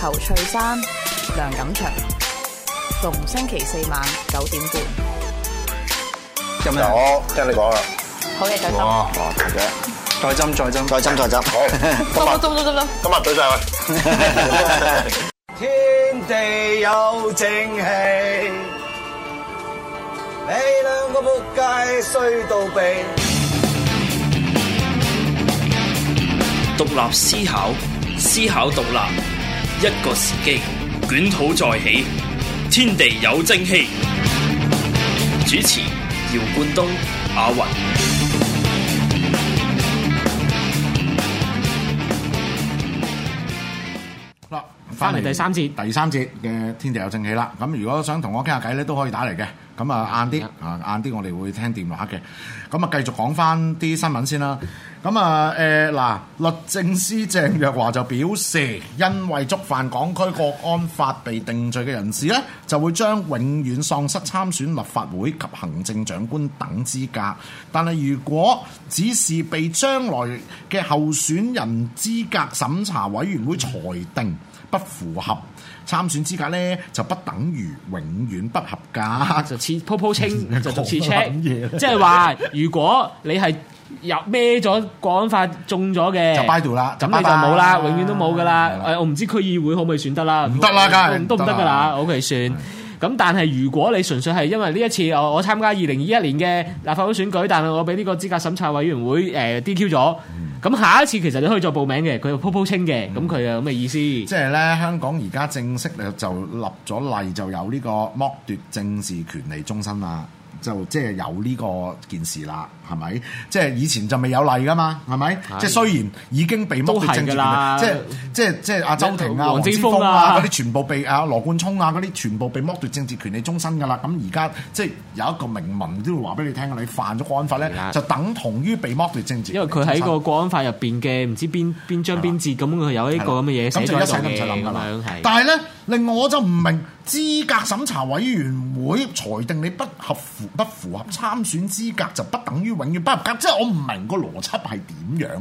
侯翠珊、梁錦祥，逢星期四晚九點半。咁樣天，我聽你講啦。好嘢，再斟。哇哇，再斟，再斟，再斟，再斟。好，今日斟斟斟斟。今日懟晒佢。 天地有正氣，你兩個仆街衰到痹。獨立思考，思考獨立。一個時機，捲土再起，天地有正氣。主持：姚冠東、阿云。翻嚟第三節，第三節嘅天地有正氣啦。咁如果想同我傾下偈咧，都可以打嚟嘅。咁的啊，晏啲啊，晏啲，我哋會聽電話嘅。咁、嗯、啊，繼續講翻啲新聞先啦。咁、嗯、啊，誒、呃、嗱，律政司鄭若驊就表示，因為觸犯港區國安法被定罪嘅人士咧，就會將永遠喪失參選立法會及行政長官等資格。但係如果只是被將來嘅候選人資格審查委員會裁定不符合參選資格咧，就不等於永遠不合格、 嗯。就似舖舖清，就似車，即係話，如果你係入孭咗國安法中咗嘅，就 bye 啦，咁你就冇啦，啊、永遠都冇噶啦。誒、啊哎，我唔知區議會可唔可以選得啦，唔得、哎、啦，梗係都唔得噶啦，OK 算。對咁但係如果你純粹係因為呢一次我我參加二零二一年嘅立法會選舉，但係我俾呢個資格審查委員會誒 DQ 咗，咁、呃嗯嗯、下一次其實你可以再報名嘅，佢又鋪鋪清嘅，咁佢有咁嘅意思。即係咧，香港而家正式就立咗例，就有呢個剝奪政治權利終身啦。就即係有呢個件事啦，係咪？即係以前就未有例噶嘛，係咪？即係雖然已經被剝奪政治，即係即係即係阿周庭啊、黃之鋒啊嗰啲，全部被啊羅冠聰啊嗰啲，全部被剝奪政治權利終身噶啦。咁而家即係有一個明文都要話俾你聽，你犯咗國安法咧，就等同於被剝奪政治。因為佢喺個國安法入邊嘅唔知邊邊章邊節，咁佢有呢個咁嘅嘢寫咗嘅嘢。咁就一齊咁就諗啦。但係咧。另外我就唔明資格審查委員會裁定你不合符、不符合參選資格，就不等於永遠不合格。即係我唔明個邏輯係點樣，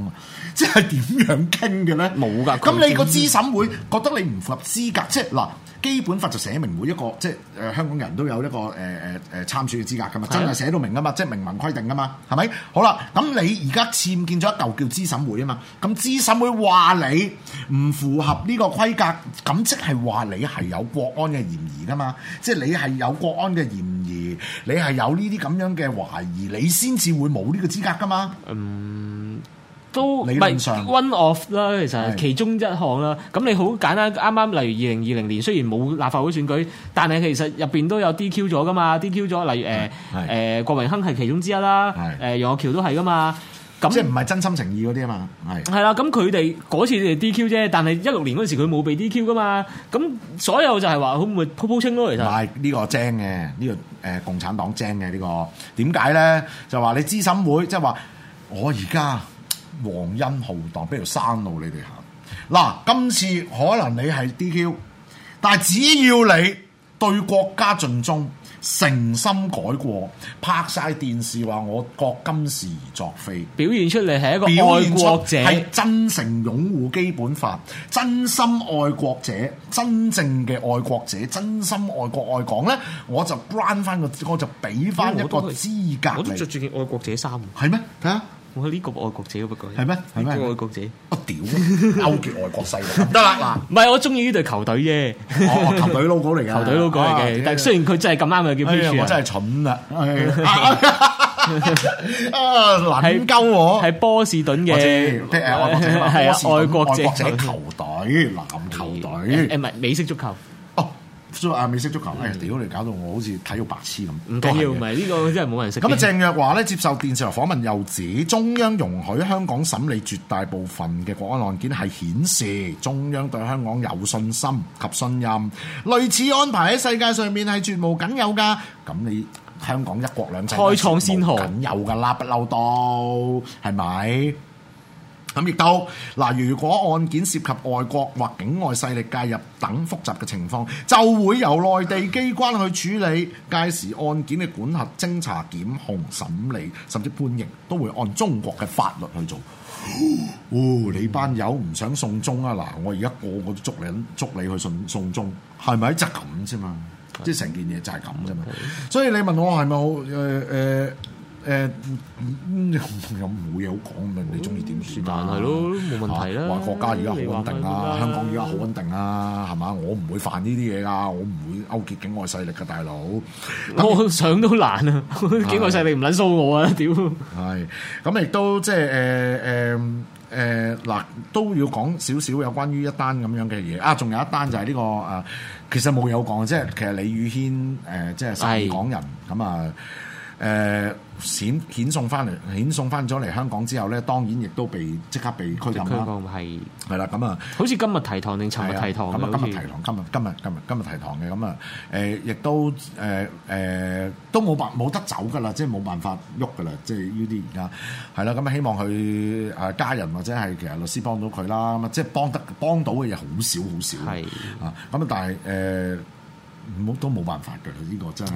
即係點樣傾嘅咧？冇㗎，咁你個資審會覺得你唔符合資格，嗯、即係嗱。基本法就寫明每一個即係、呃、香港人都有一個誒誒誒參選嘅資格㗎嘛，的真係寫到明㗎嘛，即係明文規定㗎嘛，係咪？好啦，咁你而家僭建咗一嚿叫資審會啊嘛，咁資審會話你唔符合呢個規格，咁、嗯、即係話你係有國安嘅嫌疑㗎嘛，即、就、係、是、你係有國安嘅嫌疑，你係有呢啲咁樣嘅懷疑，你先至會冇呢個資格㗎嘛。嗯。都唔係 one off 啦，其實其中一項啦。咁是的 你好簡單啱啱，例如二零二零年雖然冇立法會選舉，但係其實入邊都有 DQ 咗噶嘛。DQ 咗，例如誒誒郭榮鏗係其中之一啦，誒楊岳橋都係噶嘛。咁即係唔係真心誠意嗰啲啊嘛，係係啦。咁佢哋嗰次係 DQ 啫，但係一六年嗰陣時佢冇被 DQ 噶嘛。咁所有就係話會唔會鋪鋪清咯。其實係呢個正嘅呢個誒共產黨正嘅、這個、呢個點解咧？就話你資審會即係話我而家。皇恩浩蕩，不如山路你哋行嗱，今次可能你係 DQ，但係只要你對國家盡忠、誠心改過、拍晒電視話我國今時作非，表現出嚟係一個愛國者，係真誠擁護基本法、真心愛國者、真正嘅愛國者、真心愛國愛港呢，我就 grant 翻個，我就俾翻一個資格你。我都着住件愛國者衫喎。係咩？睇下。我呢個愛國者不過係咩？呢個愛國者，我屌，勾結外國勢力，得啦嗱，唔係我中意呢隊球隊啫。哦，球隊 logo 嚟噶，球隊 logo 嚟嘅。但係雖然佢真係咁啱，就叫 Pitcher，真係蠢啦。啊，難救我係波士頓嘅。係啊，愛國者球隊，籃球隊，誒唔係美式足球。啊！美式足球屌你！嗯、搞到我好似睇到白痴咁，唔緊要，唔係呢個真係冇人識。咁啊，鄭若驊咧接受電視台訪問又指，中央容許香港審理絕大部分嘅國安案件係顯示中央對香港有信心及信任，類似安排喺世界上面係絕無僅有噶。咁你香港一國兩制開創先河，僅有噶啦不嬲到，係咪？咁亦都嗱，如果案件涉及外國或境外勢力介入等複雜嘅情況，就會由內地機關去處理。屆時案件嘅管轄、偵查、檢控、審理甚至判刑，都會按中國嘅法律去做。哦，你班友唔想送中啊？嗱，我而家個個都捉你，捉你去送送中，係咪就咁啫嘛？即係成件嘢就係咁啫嘛。的所以你問我係咪好？誒、呃、誒。呃誒咁冇嘢好講，咪你中意點算？但係咯，冇問題啦。話國家而家好穩定啊，香港而家好穩定啊，係嘛？我唔會犯呢啲嘢噶，我唔會勾結境外勢力嘅，大佬。我想都難啊，境外勢力唔撚騷我啊，屌！係咁，亦都即係誒誒誒嗱，都要講少少有關於一單咁樣嘅嘢啊！仲有一單就係呢個啊，其實冇有講，即係其實李宇軒誒，即係香港人咁啊。誒遣遣送翻嚟，遣送翻咗嚟香港之後咧，當然亦都被即刻被拘禁啦。係係啦，咁啊，好似今日提堂定尋日提堂咁啊，今日提堂，今日今日今日今日提堂嘅咁啊，誒亦都誒誒、呃呃、都冇辦冇得走噶啦，即係冇辦法喐噶啦，即係呢啲而家係啦。咁啊，希望佢誒家人或者係其實律師幫到佢啦。咁啊，即係幫得幫到嘅嘢好少好少。係啊，咁啊的、嗯，但係誒冇都冇辦法嘅啦。呢、呢個真係誒誒。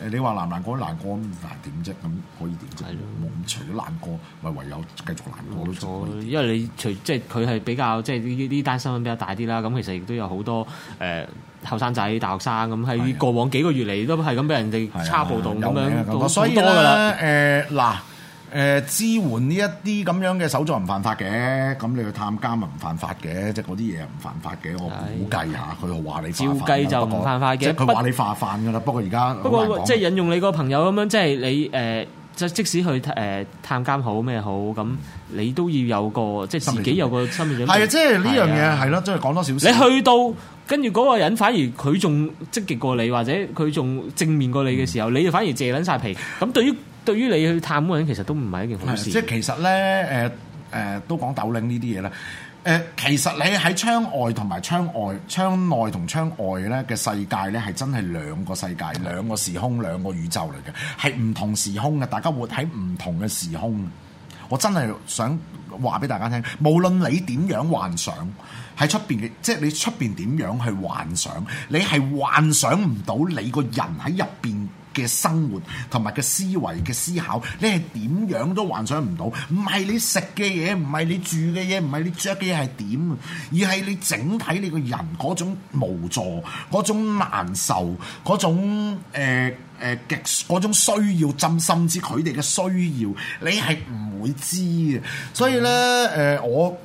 誒你話難難過難過咁難點啫？咁可以點解？冇咁的除咗難過，咪唯有繼續難過咯。錯因為你除即係佢係比較即係呢呢單新聞比較大啲啦。咁其實亦都有好多誒後生仔、大學生咁喺過往幾個月嚟都係咁俾人哋差暴動咁的樣，所以咧誒嗱。誒、呃、支援呢一啲咁樣嘅手續唔犯法嘅，咁你去探監咪唔犯法嘅，即係嗰啲嘢唔犯法嘅。我估計嚇，佢話、哎、呀你照計就唔犯法嘅，即佢話你犯法㗎啦。不過而家不，不過即係引用你個朋友咁樣，即、就、係、是、你誒，即即使去誒探監好咩好，咁你都要有個即係、就是、自己有個心理準備係、嗯、啊，即係呢樣嘢係咯，即係、啊啊就是、講多少少。你去到跟住嗰個人，反而佢仲積極過你，或者佢仲正面過你嘅時候，嗯、你就反而謝撚晒皮。咁對於對於你去探嗰個人，其實都唔係一件好事。即係其實咧，誒誒都講斗零呢啲嘢啦。誒，其實你喺窗外同埋窗外、窗內同窗外咧嘅世界咧，係真係兩個世界、兩個時空、兩個宇宙嚟嘅，係唔同時空嘅。大家活喺唔同嘅時空。我真係想話俾大家聽，無論你點樣幻想喺出邊嘅，即係你出邊點樣去幻想，你係幻想唔到你個人喺入邊嘅生活同埋嘅思維嘅思考，你係點樣都幻想唔到。唔係你食嘅嘢，唔係你住嘅嘢，唔係你着嘅嘢係點，而係你整體你個人嗰種無助、嗰種難受、嗰種誒誒極嗰種需要，甚至佢哋嘅需要，你係唔會知嘅。所以咧誒、呃、我。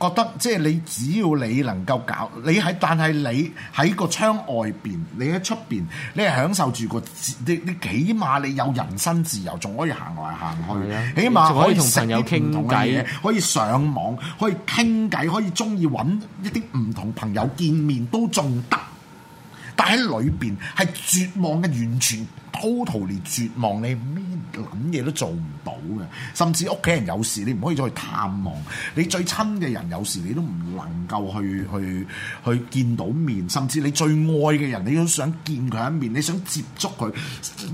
覺得即係你只要你能夠搞，你喺但係你喺個窗外邊，你喺出邊，你係享受住個你你起碼你有人身自由，仲可以行來行去，的起碼可以同朋友傾偈，天啊、可以上網，可以傾偈，可以中意揾一啲唔同朋友見面都仲得，但喺裏邊係絕望嘅，完全 totally 絕望你諗嘢都做唔到嘅，甚至屋企人有事，你唔可以再去探望；你最親嘅人有事，你都唔能夠去去去見到面；甚至你最愛嘅人，你都想見佢一面，你想接觸佢，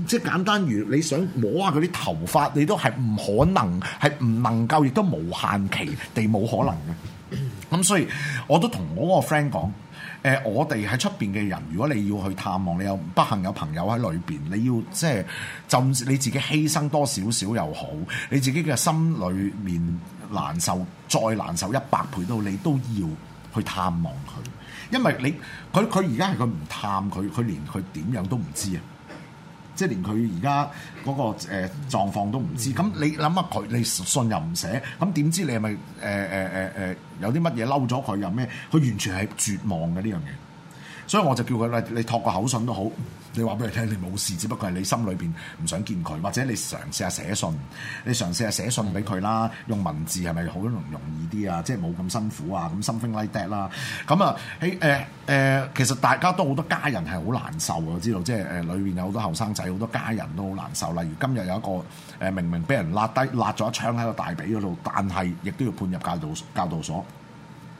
即係簡單如你想摸下佢啲頭髮，你都係唔可能，係唔能夠，亦都無限期地冇可能嘅。咁所以，我都同我個 friend 講。誒、呃，我哋喺出邊嘅人，如果你要去探望，你又不幸有朋友喺裏邊，你要即係就你自己犧牲多少少又好，你自己嘅心裏面難受再難受一百倍都好，你都要去探望佢，因為你佢佢而家係佢唔探佢，佢連佢點樣都唔知啊！即係連佢而家嗰個誒、呃、狀況都唔知，咁、嗯、你諗下佢你信又唔寫，咁點知你係咪誒誒誒誒有啲乜嘢嬲咗佢又咩？佢完全係絕望嘅呢樣嘢。所以我就叫佢你你託個口信都好，你話俾佢聽你冇事，只不過係你心裏邊唔想見佢，或者你嘗試下寫信，你嘗試下寫信俾佢啦，用文字係咪好容容易啲啊？即係冇咁辛苦啊，咁 something like that 啦。咁啊喺誒誒，其實大家都好多家人係好難受，我知道，即係誒裏面有好多後生仔，好多家人都好難受。例如今日有一個誒、呃、明明俾人揦低揦咗一槍喺個大髀嗰度，但係亦都要判入教導教導所。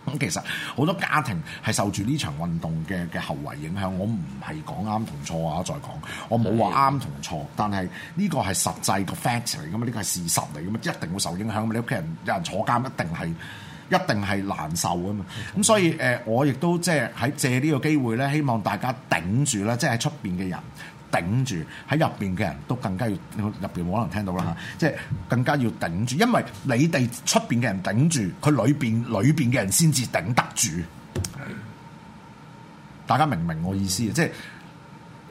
咁其實好多家庭係受住呢場運動嘅嘅後遺影響，我唔係講啱同錯啊！再講，我冇話啱同錯，但係呢個係實際個 fact 嚟噶嘛，呢個係事實嚟噶嘛，一定會受影響，你屋企人有人坐監，一定係一定係難受啊嘛！咁、嗯、所以誒，我亦都即係喺借呢個機會咧，希望大家頂住啦，即係喺出邊嘅人。頂住，喺入邊嘅人都更加要，入邊冇可能聽到啦嚇，是的 即係更加要頂住，因為你哋出邊嘅人頂住，佢裏邊裏邊嘅人先至頂得住。是的 大家明唔明我意思啊？是的 即係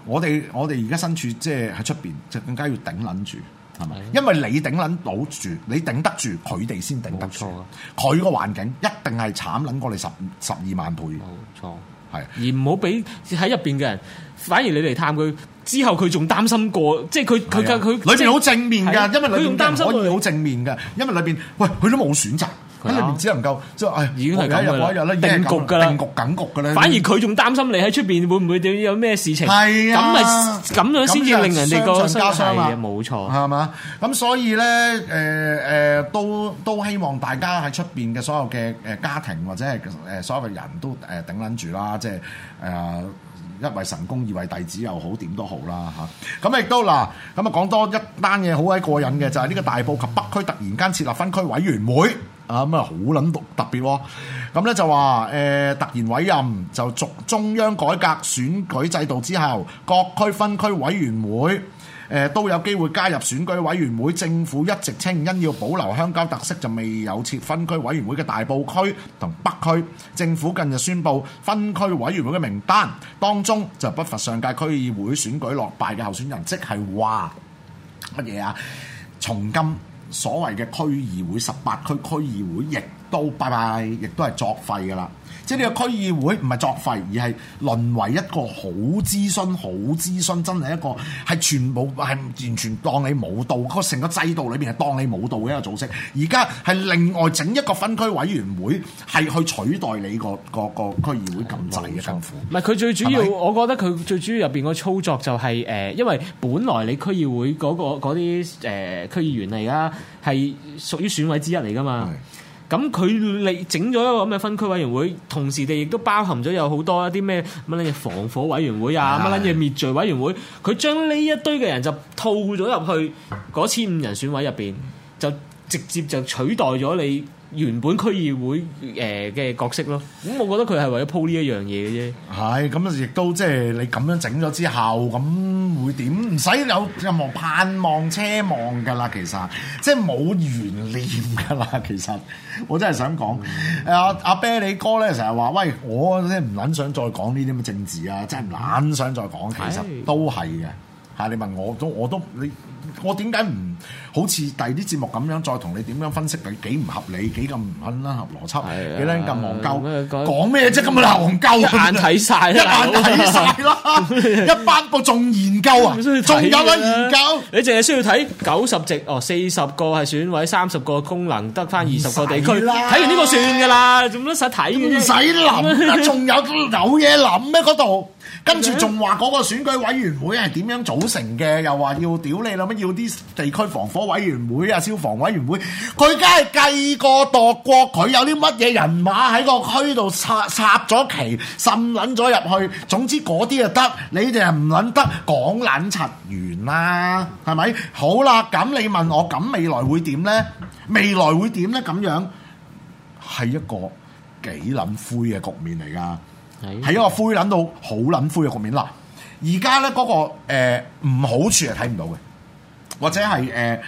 我哋我哋而家身處即係喺出邊，就更加要頂撚住，係咪？是的 因為你頂撚到住，你頂得住，佢哋先頂得住。佢個錯、啊、環境一定係慘撚過你十十二萬倍，冇沒錯。係是的 而唔好俾喺入邊嘅人，反而你嚟探佢。之後佢仲擔心過，即係佢佢佢裏邊好正面噶，因為裏邊可以好正面噶，因為裏邊喂佢都冇選擇，喺入面只能夠即係已經係咁樣定局噶啦，定局梗局噶啦。反而佢仲擔心你喺出邊會唔會有咩事情，咁咪咁樣先至令人傷上加傷啊！冇錯，係嘛？咁所以咧，誒誒都都希望大家喺出邊嘅所有嘅誒家庭或者係誒所有嘅人都誒頂撚住啦，即係誒。一位神功，二位弟子又好，點都好啦嚇。咁亦都嗱，咁啊講多一單嘢好鬼過癮嘅，就係呢個大埔及北區突然間設立分區委員會啊！咁啊好撚特別喎。咁咧就話誒，突然委任就逐中央改革選舉制度之後，各區分區委員會。呃、都有機會加入選舉委員會，政府一直稱因要保留鄉郊特色，就未有設分區委員會嘅大埔區同北區。政府近日宣布分區委員會嘅名單，當中就不乏上屆區議會選舉落敗嘅候選人，即係話乜嘢啊？從今所謂嘅區議會十八區區議會，亦都拜拜，亦都係作廢㗎啦。即係呢個區議會唔係作廢，而係淪為一個好諮詢、好諮詢，真係一個係全部係完全當你冇到，個成個制度裏邊係當你冇到嘅一個組織。而家係另外整一個分區委員會，係去取代你個個個區議會咁滯嘅痛苦。唔係佢最主要，吧我覺得佢最主要入邊個操作就係、是、誒、呃，因為本來你區議會嗰啲誒區議員嚟㗎，係屬於選委之一嚟㗎嘛。咁佢你整咗一個咁嘅分區委員會，同時地亦都包含咗有好多一啲咩乜撚嘢防火委員會啊，乜撚嘢滅罪委員會，佢將呢一堆嘅人就套咗入去嗰千五人選委入邊，就直接就取代咗你。原本區議會誒嘅角色咯，咁我覺得佢係為咗鋪呢一、哎就是、樣嘢嘅啫。係咁，亦都即係你咁樣整咗之後，咁會點？唔使有任何盼望、奢望噶啦，其實即係冇懸念噶啦。其實我真係想講，誒阿阿啤呢，你哥咧成日話：喂，我即係唔撚想再講呢啲咁嘅政治啊！真係唔撚想再講。嗯、其實都係嘅。嚇、哎！你問我都我都，我都你。我點解唔好似第二啲節目咁樣再同你點樣分析你幾唔合理幾咁唔揾啦，合邏輯幾撚咁戇鳩，講咩啫咁啊，戇鳩眼睇曬啦，眼睇晒啦，一班部仲研究啊，仲有個研究？你淨係需要睇九十席哦，四十個係選委，三十個，個功能得翻二十個地區，睇完呢個算㗎啦，做乜使睇，唔使諗，仲有有嘢諗咩嗰度？ 跟住仲話嗰個選舉委員會係點樣組成嘅？又話要屌你啦，乜要啲地區防火委員會啊、消防委員會？佢梗係計過度過，佢有啲乜嘢人馬喺個區度插插咗旗，滲撚咗入去。總之嗰啲就得，你哋又唔撚得講撚柒完啦，係咪？好啦，咁你問我，咁未來會點呢？未來會點呢？咁樣係一個幾撚灰嘅局面嚟噶。係，係一個灰撚到好撚灰嘅局面啦。而家咧嗰個誒唔、呃、好處係睇唔到嘅，或者係誒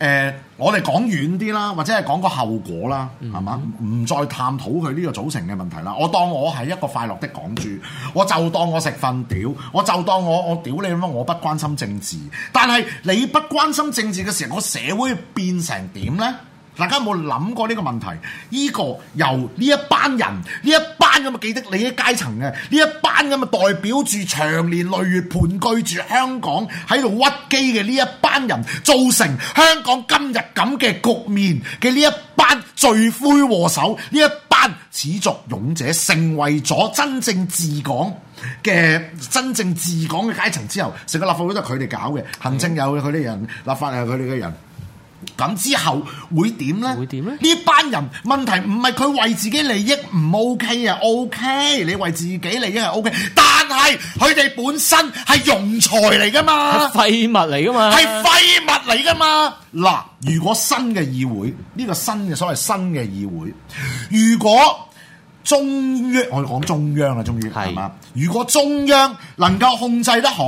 誒，我哋講遠啲啦，或者係講個後果啦，係嘛？唔、嗯、哼再探討佢呢個組成嘅問題啦。我當我係一個快樂的港豬，我就當我食瞓屌，我就當我我屌你乜？我不關心政治，但係你不關心政治嘅時候，個社會變成點咧？大家有冇諗過呢個問題？呢、這個由呢一班人、呢一班咁嘅既得利益階層嘅、呢一班咁嘅代表住長年累月盤踞住香港喺度屈機嘅呢一班人造成香港今日咁嘅局面嘅呢一班罪魁禍首、呢一班始作俑者，成為咗真正治港嘅真正治港嘅階層之後，成個立法會都係佢哋搞嘅，嗯、行政有佢哋人，立法係佢哋嘅人。咁之後會點呢？會點咧？呢班人問題唔係佢為自己利益唔 OK 啊？OK，你為自己利益係 OK，但係佢哋本身係庸才嚟噶嘛？廢物嚟噶嘛？係廢物嚟噶嘛？嗱，如果新嘅議會，呢個新嘅所謂新嘅議會，如果。中，中央，我哋講中央啊！中央係嘛？如果中央能夠控制得好，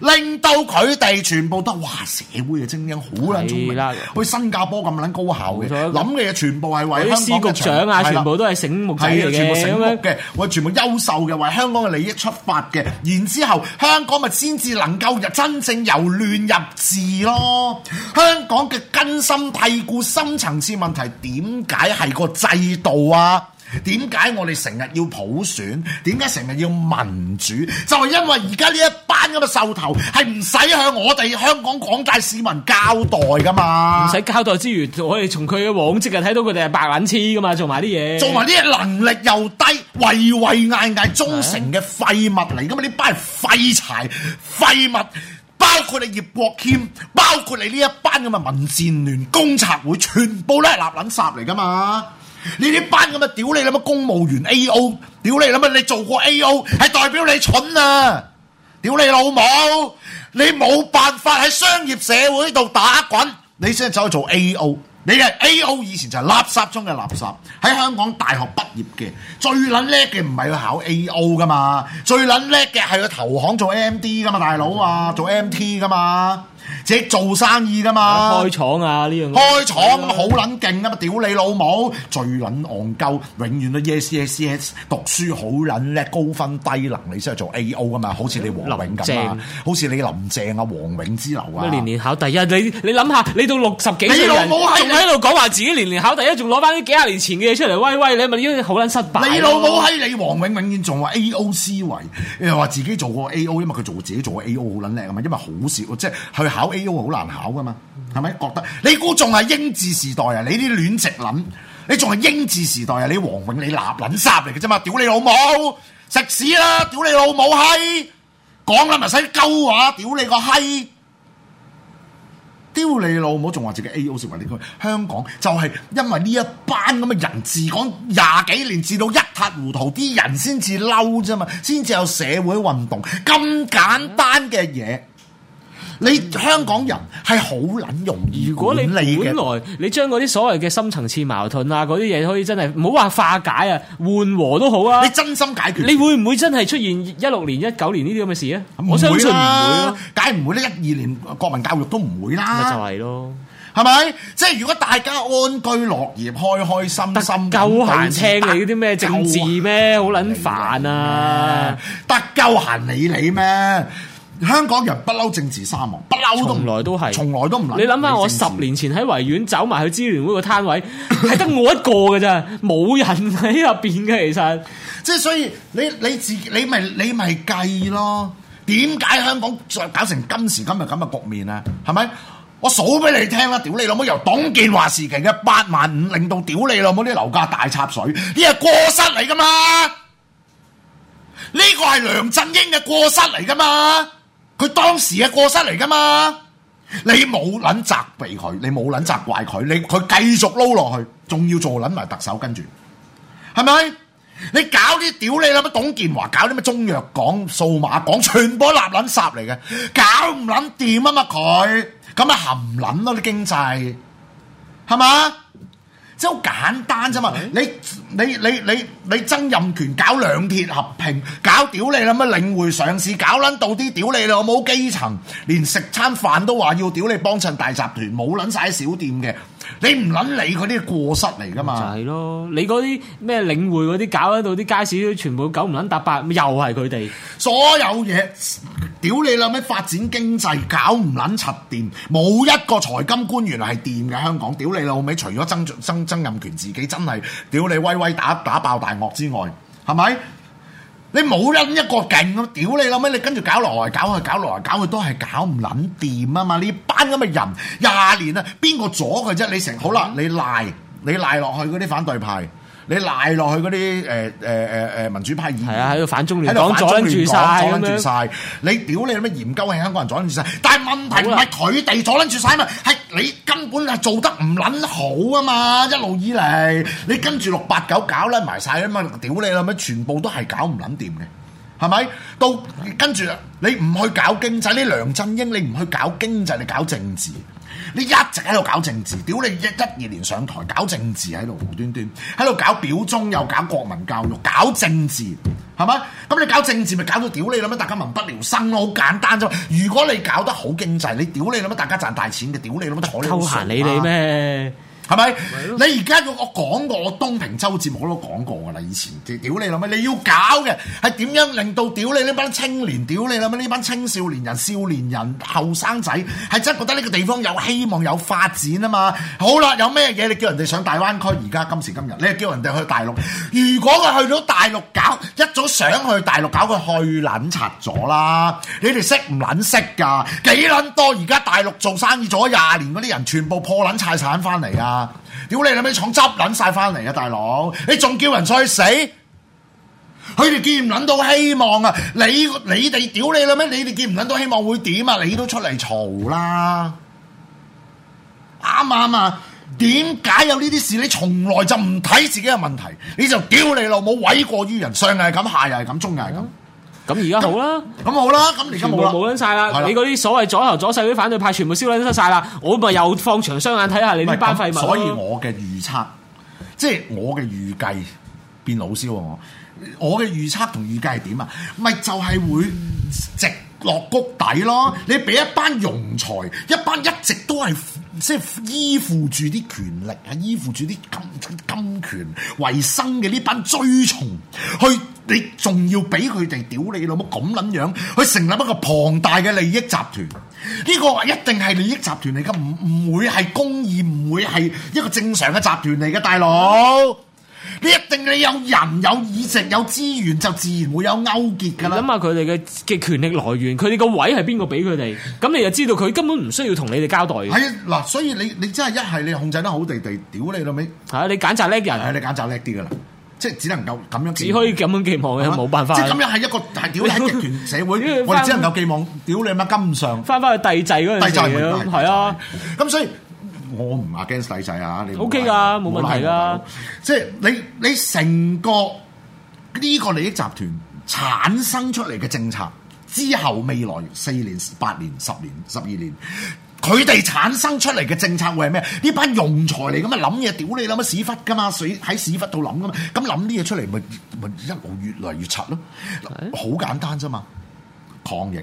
令到佢哋全部都哇，社會嘅精英好撚聰明，去的新加坡咁撚高效嘅，諗嘅嘢全部係為香港長局長啊，的全部都係醒目嘅，全部醒目嘅，我的全部優秀嘅，為香港嘅利益出發嘅，然之後香港咪先至能夠真正由亂入治咯。香港嘅根深蒂固、深層次問題點解係個制度啊？點解我哋成日要普選？點解成日要民主？就係、是、因為而家呢一班咁嘅秀頭係唔使向我哋香港廣大市民交代噶嘛？唔使交代之餘，可以從佢嘅往跡就睇到佢哋係白撚黐噶嘛？做埋啲嘢，做埋啲能力又低，畏畏嗌嗌忠誠嘅廢物嚟噶嘛？呢班係廢柴、廢物，包括你葉國樞，Kim，包括你呢一班咁嘅民建聯、公察會，全部都係立撚殺嚟噶嘛？你呢班咁啊，屌你啦乜公務員 A O，屌你啦乜你做過 A O 係代表你蠢啊！屌你老母，你冇辦法喺商業社會度打滾，你先走去做 A O，你係 A O 以前就係垃圾中嘅垃圾。喺香港大學畢業嘅最撚叻嘅唔係去考 A O 噶嘛，最撚叻嘅係去投行做 M D 噶嘛，大佬啊，做 M T 噶嘛。即係做生意噶嘛？開廠啊呢樣？開廠咁好捻勁啊嘛。屌你老母，最捻戇鳩，永遠都 yes yes yes。讀書好捻叻，高分低能，你先係做 A.O. 噶嘛？好似你黃永咁啊，林鄭，好似你林鄭啊、黃永之流啊，年年考第一。你你諗下，你到六十幾歲人，仲喺度講話自己年年考第一，仲攞翻啲幾廿年前嘅嘢出嚟，喂喂，你咪好捻失敗。你老母喺你黃永永遠仲話 A.O. 思維，你又話自己做過 A.O.，因為佢做自己做過 A.O. 好捻叻啊嘛，因為好少即係。就是考 A.O. 好難考噶嘛，係咪，覺得你估仲係英治時代啊？你啲亂直諗，你仲係英治時代啊？你黃永你立撚殺嚟嘅啫嘛！屌你老母，食屎啦！屌你老母閪，講啦咪使鳩啊！屌你個閪，屌你老母仲話自己 A.O. 成為你香港，就係因為呢一班咁嘅人治，講廿幾年至到一塌糊塗，啲人先至嬲啫嘛，先至有社會運動，咁簡單嘅嘢。你香港人係好撚容易，如果你嚟本來你將嗰啲所謂嘅深層次矛盾啊嗰啲嘢，可以真係唔好話化解啊，緩和都好啊。你真心解決，你會唔會真係出現一六年、一九年呢啲咁嘅事啊？我相信唔會咯、啊，解唔會呢？一二年國民教育都唔會啦。咪就係咯，係咪？即係如果大家安居樂業、開開心心懶懶，得夠閒理你啲咩政治咩，好撚煩啊！得夠閒理你咩？香港人不嬲政治沙漠，不嬲都從來都係，從來都唔難。你諗下，我十年前喺維園走埋去支聯會個攤位，係得我一個嘅咋，冇 人喺入邊嘅。其實，即係所以你你自己你咪你咪計咯。點解香港再搞成今時今日咁嘅局面啊？係咪？我數俾你聽啦，屌你老母由董建華時期嘅八萬五，令到屌你老母啲樓價大插水，呢係過失嚟噶嘛？呢個係梁振英嘅過失嚟噶嘛？佢當時嘅過失嚟㗎嘛？你冇撚責備佢，你冇撚責怪佢，你佢繼續撈落去，仲要做撚埋特首跟住，係咪？你搞啲屌你啦，乜董建華搞啲乜中藥港、數碼港，全部垃撚圾嚟嘅，搞唔撚掂啊嘛佢，咁啊含撚咯啲經濟，係嘛？即好簡單啫嘛、嗯！你你你你你曾蔭權搞兩鐵合併，搞屌你啦乜領匯上市，搞撚到啲屌你啦！冇基層，連食餐飯都話要屌你幫襯大集團，冇撚晒小店嘅。你唔捻你佢啲過失嚟噶嘛？就係咯，你嗰啲咩領匯嗰啲搞喺度，啲街市都全部九唔捻搭八，又係佢哋所有嘢。屌你老味，發展經濟搞唔捻柒掂，冇一個財金官員係掂嘅香港。屌你老味，除咗曾曾曾，曾蔭權自己真係屌你威威打打爆大鱷之外，係咪？你冇得一個勁咁、啊、屌你啦咩？你跟住搞來搞去，搞來搞去都係搞唔撚掂啊嘛！你班呢班咁嘅人廿年啦，邊個阻佢啫？你成好啦，你賴你賴落去嗰啲反對派。你賴落去嗰啲誒誒誒誒民主派議員，係啊，喺度反中亂，喺度反中亂港，阻住晒。阻住晒，你屌你有咩研究係香港人阻住晒，但係問題唔係佢哋阻撚住晒，啊嘛的，係你根本係做得唔撚好啊嘛。一路以嚟，你跟住六八九搞撚埋晒啊嘛，屌你啦咩？全部都係搞唔撚掂嘅，係咪？到跟住你唔去搞經濟，你梁振英你唔去搞經濟，你搞政治。你一直喺度搞政治，屌你一一,一二年上台搞政治喺度，無端端喺度搞表忠又搞國民教育，搞政治係嘛？咁你搞政治咪搞到屌你啦咩？大家民不聊生咯，好簡單啫。如果你搞得好經濟，你屌你啦咩？大家賺大錢嘅，屌你啦咩？坐你抽鞋你咩？係咪？是是的你而家我講過，我東平周節目我都講過㗎啦。以前屌你諗乜？你要搞嘅係點樣令到屌你呢班青年、屌你諗乜呢班青少年人、少年人、後生仔係真覺得呢個地方有希望、有發展啊嘛？好啦，有咩嘢你叫人哋上大灣區？而家今時今日，你係叫人哋去大陸。如果佢去到大陸搞，一早想去大陸搞，佢去撚拆咗啦！你哋識唔撚識㗎？幾撚多？而家大陸做生意做咗廿年嗰啲人，全部破撚晒產翻嚟啊！屌你，你咪闖執捻晒翻嚟啊！大佬，你仲叫人再去死？佢哋見唔捻到希望啊！你你哋屌你啦咩？你哋見唔捻到希望會點啊？你都出嚟嘈啦！啱啱啊！點 解樂有呢啲事？你從來就唔睇自己嘅問題，你就屌你老母冇委過於人，上又係咁，下又係咁，中又係咁。嗯咁而家好啦，咁好啦，咁而家冇啦冇撚晒啦？了你嗰啲所謂左頭左勢嗰啲反對派全都燒，全部消緊失曬啦！我咪又放長雙眼睇下你呢班廢物。所以，我嘅預測，即係我嘅預計變老蕭喎。我嘅預測同預計係點啊？咪就係會直落谷底咯！你俾一班庸才，一班一直都係即係依附住啲權力啊，依附住啲金金權為生嘅呢班追從去。你仲要俾佢哋屌你老母咁撚樣，去成立一個龐大嘅利益集團？呢個一定係利益集團嚟噶，唔唔會係公義，唔會係一個正常嘅集團嚟嘅，大佬。你一定你有人有議席有資源，就自然會有勾結㗎啦。你諗下佢哋嘅嘅權力來源，佢哋個位係邊個俾佢哋？咁你就知道佢根本唔需要同你哋交代。係啊，嗱，所以你你真係一係你控制得好地地屌你老味。係啊，你揀擇叻嘅人，係你揀擇叻啲㗎啦。即係只能夠咁樣，只可以咁樣寄望嘅，冇辦法。 即係咁樣係一個大屌，極權社會，我哋只能夠寄望屌你阿金上，翻翻去帝制嗰樣嘢。係啊，咁所以我唔 against 帝制啊，你 OK 啊，冇問題啦。即係你你成個呢個利益集團產生出嚟嘅政策之後，未來四年、八年、十年、十二年。佢哋產生出嚟嘅政策會係咩？呢班庸才嚟咁樣諗嘢，屌你諗乜屎忽噶嘛？所以喺屎忽度諗噶嘛？咁諗啲嘢出嚟，咪咪一路越嚟越柒咯。好、欸、簡單啫嘛，抗疫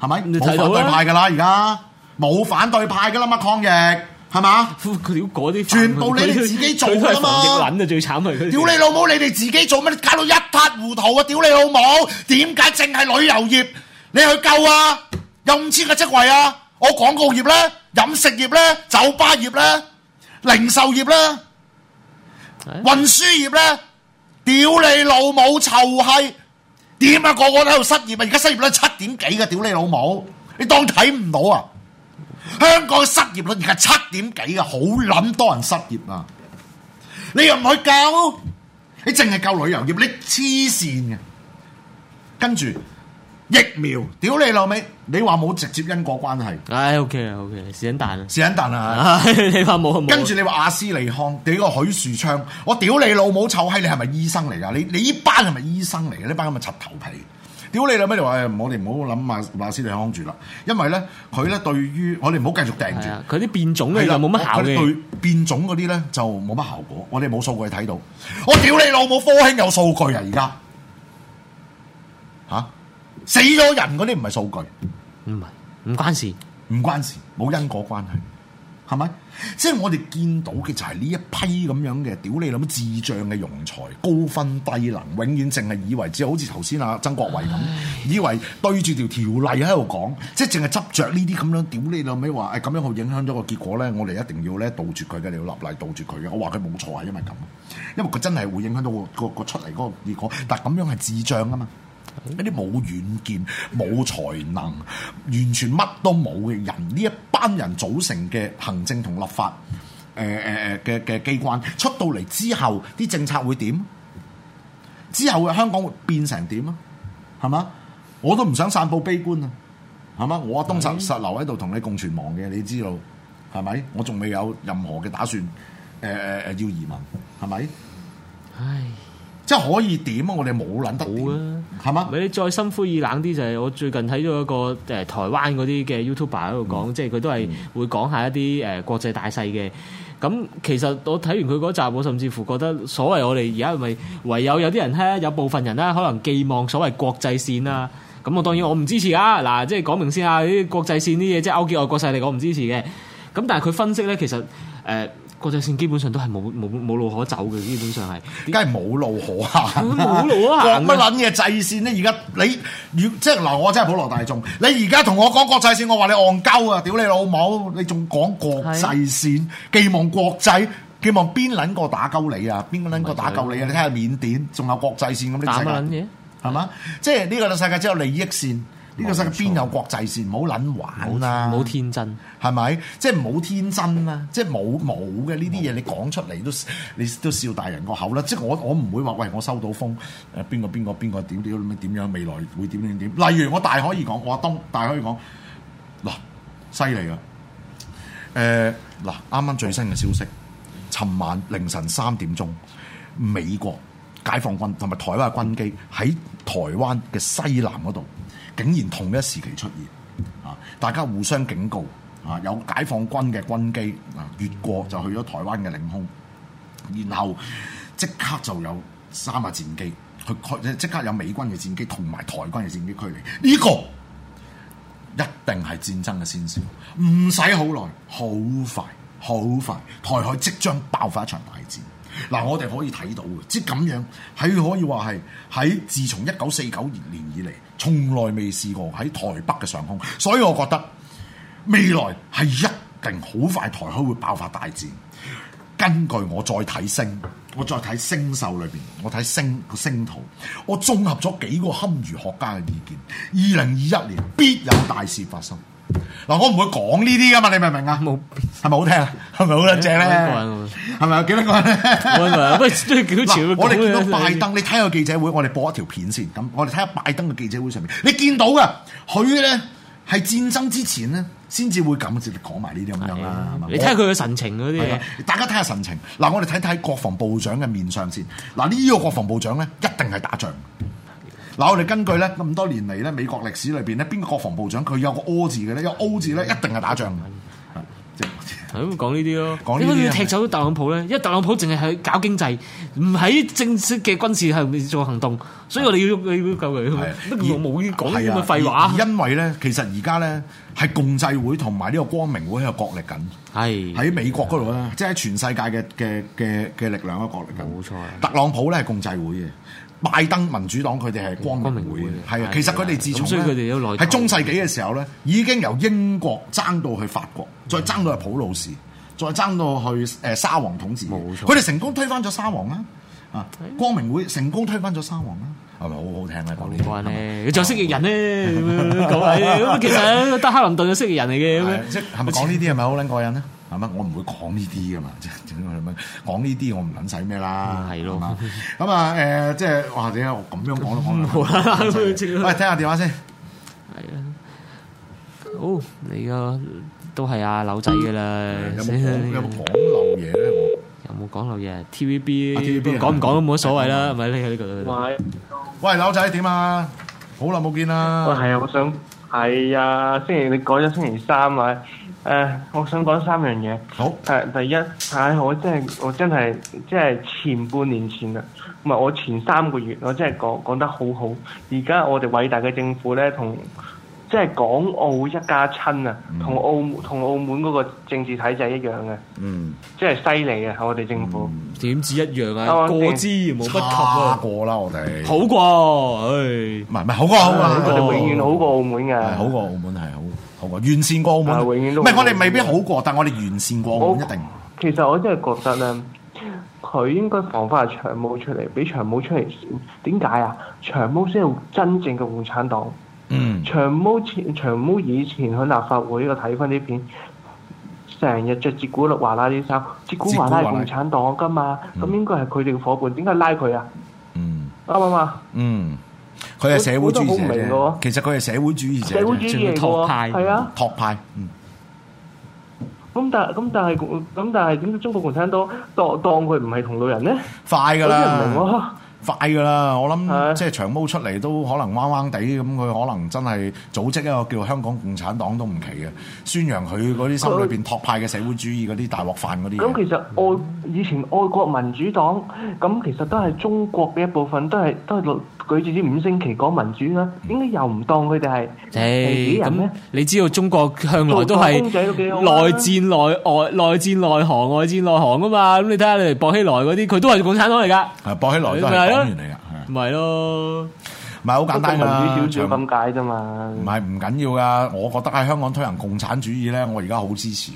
係咪你睇下冇反對派噶啦？而家冇反對派噶啦嘛，抗疫係嘛？啲全部你哋自己做噶嘛？抗啊最慘係，屌你老母！你哋自己做乜？搞到一塌糊塗啊！屌你老母！點解淨係旅遊業你去救啊？有五千個職位啊！我廣告業咧，飲食業咧，酒吧業咧，零售業咧，運輸業咧，屌你老母臭閪，點啊個個都喺度失業啊！而家失業率七點幾噶，屌你老母，你當睇唔到啊？香港失業率而家七點幾啊，好捻多人失業啊！你又唔去教，你淨係教旅遊業，你黐線嘅，跟住。疫苗，屌你老味！你話冇直接因果關係，唉、哎、OK 啊，OK，屎隱彈啦，屎隱彈啊！你話冇，跟住你話阿斯利康，你個許樹昌，我屌你老母臭閪！你係咪醫生嚟噶？你你呢班係咪醫生嚟嘅？呢班咁咪插頭皮，屌你老味！你話誒、哎，我哋唔好諗阿阿斯利康住啦，因為咧，佢咧對於我哋唔好繼續訂住，佢啲、啊、變種咧就冇乜效嘅，啊、對變種嗰啲咧就冇乜效果。我哋冇數據睇到，我屌你老母科興有數據啊！而家吓？啊死咗人嗰啲唔係數據，唔係唔關事，唔關事，冇因果關係，係咪？即係我哋見到嘅就係呢一批咁樣嘅屌你老母智障嘅庸才，高分低能，永遠淨係以為只係好似頭先阿曾國偉咁，唉以為對住條條例喺度講，即係淨係執着呢啲咁樣屌你老味話，誒咁、哎、樣去影響咗個結果咧，我哋一定要咧杜絕佢嘅，你要立例杜絕佢嘅。我話佢冇錯係因為咁，因為佢真係會影響到個個,個,個出嚟嗰個結果，但係咁樣係智障啊嘛。一啲冇遠見、冇才能、完全乜都冇嘅人，呢一班人組成嘅行政同立法，誒誒誒嘅嘅機關出到嚟之後，啲政策會點？之後嘅香港會變成點啊？係嗎？我都唔想散佈悲觀啊！係嗎？我當 實實留喺度同你共存亡嘅，你知道係咪？我仲未有任何嘅打算，誒誒誒要移民係咪？唉。 即係可以點啊？我哋冇諗得點啊，係嘛了？吧你再心灰意冷啲就係、是、我最近睇咗一個誒台灣嗰啲嘅 YouTuber 喺度講，嗯、即係佢都係會講一下一啲誒國際大勢嘅。咁其實我睇完佢嗰集，我甚至乎覺得所謂我哋而家咪唯有有啲人咧，有部分人啦，可能寄望所謂國際線啊。咁我當然我唔支持啊！嗱，即係講明先啊，啲國際線啲嘢即係勾結外國勢力，我唔支持嘅。咁但係佢分析咧，其實誒。呃國際線基本上都係冇冇冇路可走嘅，基本上係，點解係冇路可行？冇路啊！行，講乜撚嘢制線咧？而家你，即係嗱，我真係普羅大眾， 你而家同我講國際線，我話你戇鳩啊！屌你老母，你仲講國際線？啊、寄望國際，寄望邊撚個打鳩你啊？邊個撚個打鳩你啊？你睇下緬甸，仲有國際線咁啲人，打乜撚嘢？係嘛？即係呢個世界只有利益線，呢錯個世界邊有國際線？唔好撚玩啦、啊，唔好天真。係咪？即係唔好天真啦，即係冇冇嘅呢啲嘢，你講出嚟都你都笑大人個口啦。即係我我唔會話喂，我收到風誒邊個邊個邊個點點點點樣未來會點點點。例如我大可以講我阿東，大可以講嗱，犀利啊！誒、呃、嗱，啱、呃、啱、呃、最新嘅消息，尋晚凌晨三點鐘，美國解放軍同埋台灣軍機喺台灣嘅西南嗰度，竟然同一時期出現啊！大家互相警告。啊！有解放軍嘅軍機啊，越過就去咗台灣嘅領空，然後即刻就有三架戰機，佢即刻有美軍嘅戰機同埋台軍嘅戰機距離，呢個一定係戰爭嘅先兆，唔使好耐，好快，好快，台海即將爆發一場大戰。嗱，我哋可以睇到即咁樣喺可以話係喺自從一九四九年以嚟，從來未試過喺台北嘅上空，所以我覺得。未來係一定好快，台海會爆發大戰。根據我再睇星，我再睇星宿裏邊，我睇星個星圖，我綜合咗幾個堪輿學家嘅意見，二零二一年必有大事發生。嗱，我唔會講呢啲噶嘛，你明唔明沒啊？冇係咪好聽、啊？係咪沒好正咧、啊？係咪幾多個人、啊？幾多個人？我哋見到拜登，你睇下記者會，我哋播一條片先。咁，我哋睇下拜登嘅記者會上面，你見到噶，佢咧。係戰爭之前咧，先至會咁直講埋呢啲咁樣啦。係嘛，你睇下佢嘅神情嗰啲，大家睇下神情。嗱，我哋睇睇國防部長嘅面相先。嗱，呢個國防部長咧，一定係打仗。嗱，我哋根據咧咁多年嚟，咧，美國歷史裏邊咧，邊個國防部長佢有個 O 字嘅，咧，有 O 字咧，一定係打仗。咁講呢啲咯，點解要踢走特朗普咧？因為特朗普淨係去搞經濟，唔喺正式嘅軍事係做行動，所以我哋要喐、啊、要救佢。我冇於講啲咁嘅廢話。因為咧，其實而家咧係共濟會同埋呢個光明會喺度角力緊。係喺的美國嗰度咧，即係喺全世界嘅嘅嘅嘅力量喺度角力緊。冇錯、啊，特朗普咧係共濟會嘅。拜登民主黨佢哋係光明會嘅，係啊，其實佢哋自從，佢哋喺中世紀嘅時候咧，已經由英國爭到去法國，再爭到去普魯士，再爭到去誒沙皇統治。冇錯，佢哋成功推翻咗沙皇啦，啊，光明會成功推翻咗沙皇啦，係咪好好聽啊？講呢啲，仲有蜥蜴人呢？咁其實德克林頓嘅蜥蜴人嚟嘅，咁咪？即講呢啲係咪好撚過癮呢？乜？我唔會講呢啲噶嘛，即係點解咁樣講呢啲？我唔捻使咩啦？係咯，咁啊，誒，即係或者啊，咁樣講都講唔到啦。喂，聽下電話先。係啊，好，你啊都係阿扭仔噶啦。有冇講漏嘢咧？我有冇講漏嘢？TVB，TVB 講唔講都冇乜所謂啦，咪呢個呢個。喂，喂，柳仔點啊？好耐冇見啦。喂，係啊，我想係啊，星期你改咗星期三啊。誒，uh, 我想講三樣嘢。好誒，第一，喺我真係，我真係，即係前半年前啊，唔係我前三個月，我真係講講得好好。而家我哋偉大嘅政府咧，同。即係港澳一家親啊，同澳同澳門嗰個政治體制一樣嘅，嗯，即係犀利嘅。我哋政府點止一樣啊？過之冇不及過啦，我哋好過，唉，唔係唔係好過好過，我哋永遠好過澳門嘅，好過澳門係好好過完善過澳門，唔係我哋未必好過，但係我哋完善過澳門一定。其實我真係覺得咧，佢應該放翻個長毛出嚟，俾長毛出嚟選。點解啊？長毛先係真正嘅共產黨。嗯，長毛前長毛以前喺立法會個，睇翻啲片，成日着住哲古華拉啲衫，哲古華拉係共產黨噶嘛，咁、嗯、應該係佢哋嘅伙伴，點解拉佢啊？啊啊啊嗯，啱唔啱啊？嗯，佢係社會主義者，唔明嘅。其實佢係社會主義者，托派係啊，托派。嗯。咁但係咁但係咁但係點解中國共產黨當當佢唔係同路人咧？快噶啦，唔明咯。快㗎啦！我諗的即係長毛出嚟都可能彎彎地咁，佢、嗯、可能真係組織一個叫香港共產黨都唔奇嘅，宣揚佢嗰啲心裏邊托派嘅社會主義嗰啲大鑊飯嗰啲。咁其實愛以前愛國民主黨，咁、嗯嗯、其實都係中國嘅一部分，都係都係，舉住啲五星旗講民主啦，點解又唔當佢哋係敵人咧？你知道中國向來都係內戰內外內戰內行，外戰內行噶嘛？咁你睇下你哋薄熙來嗰啲，佢都係共產黨嚟噶。係薄熙來都係黨員嚟噶，唔係咯？唔係好簡單噶、啊，民主小長咁解啫嘛？唔係唔緊要噶，我覺得喺香港推行共產主義咧，我而家好支持。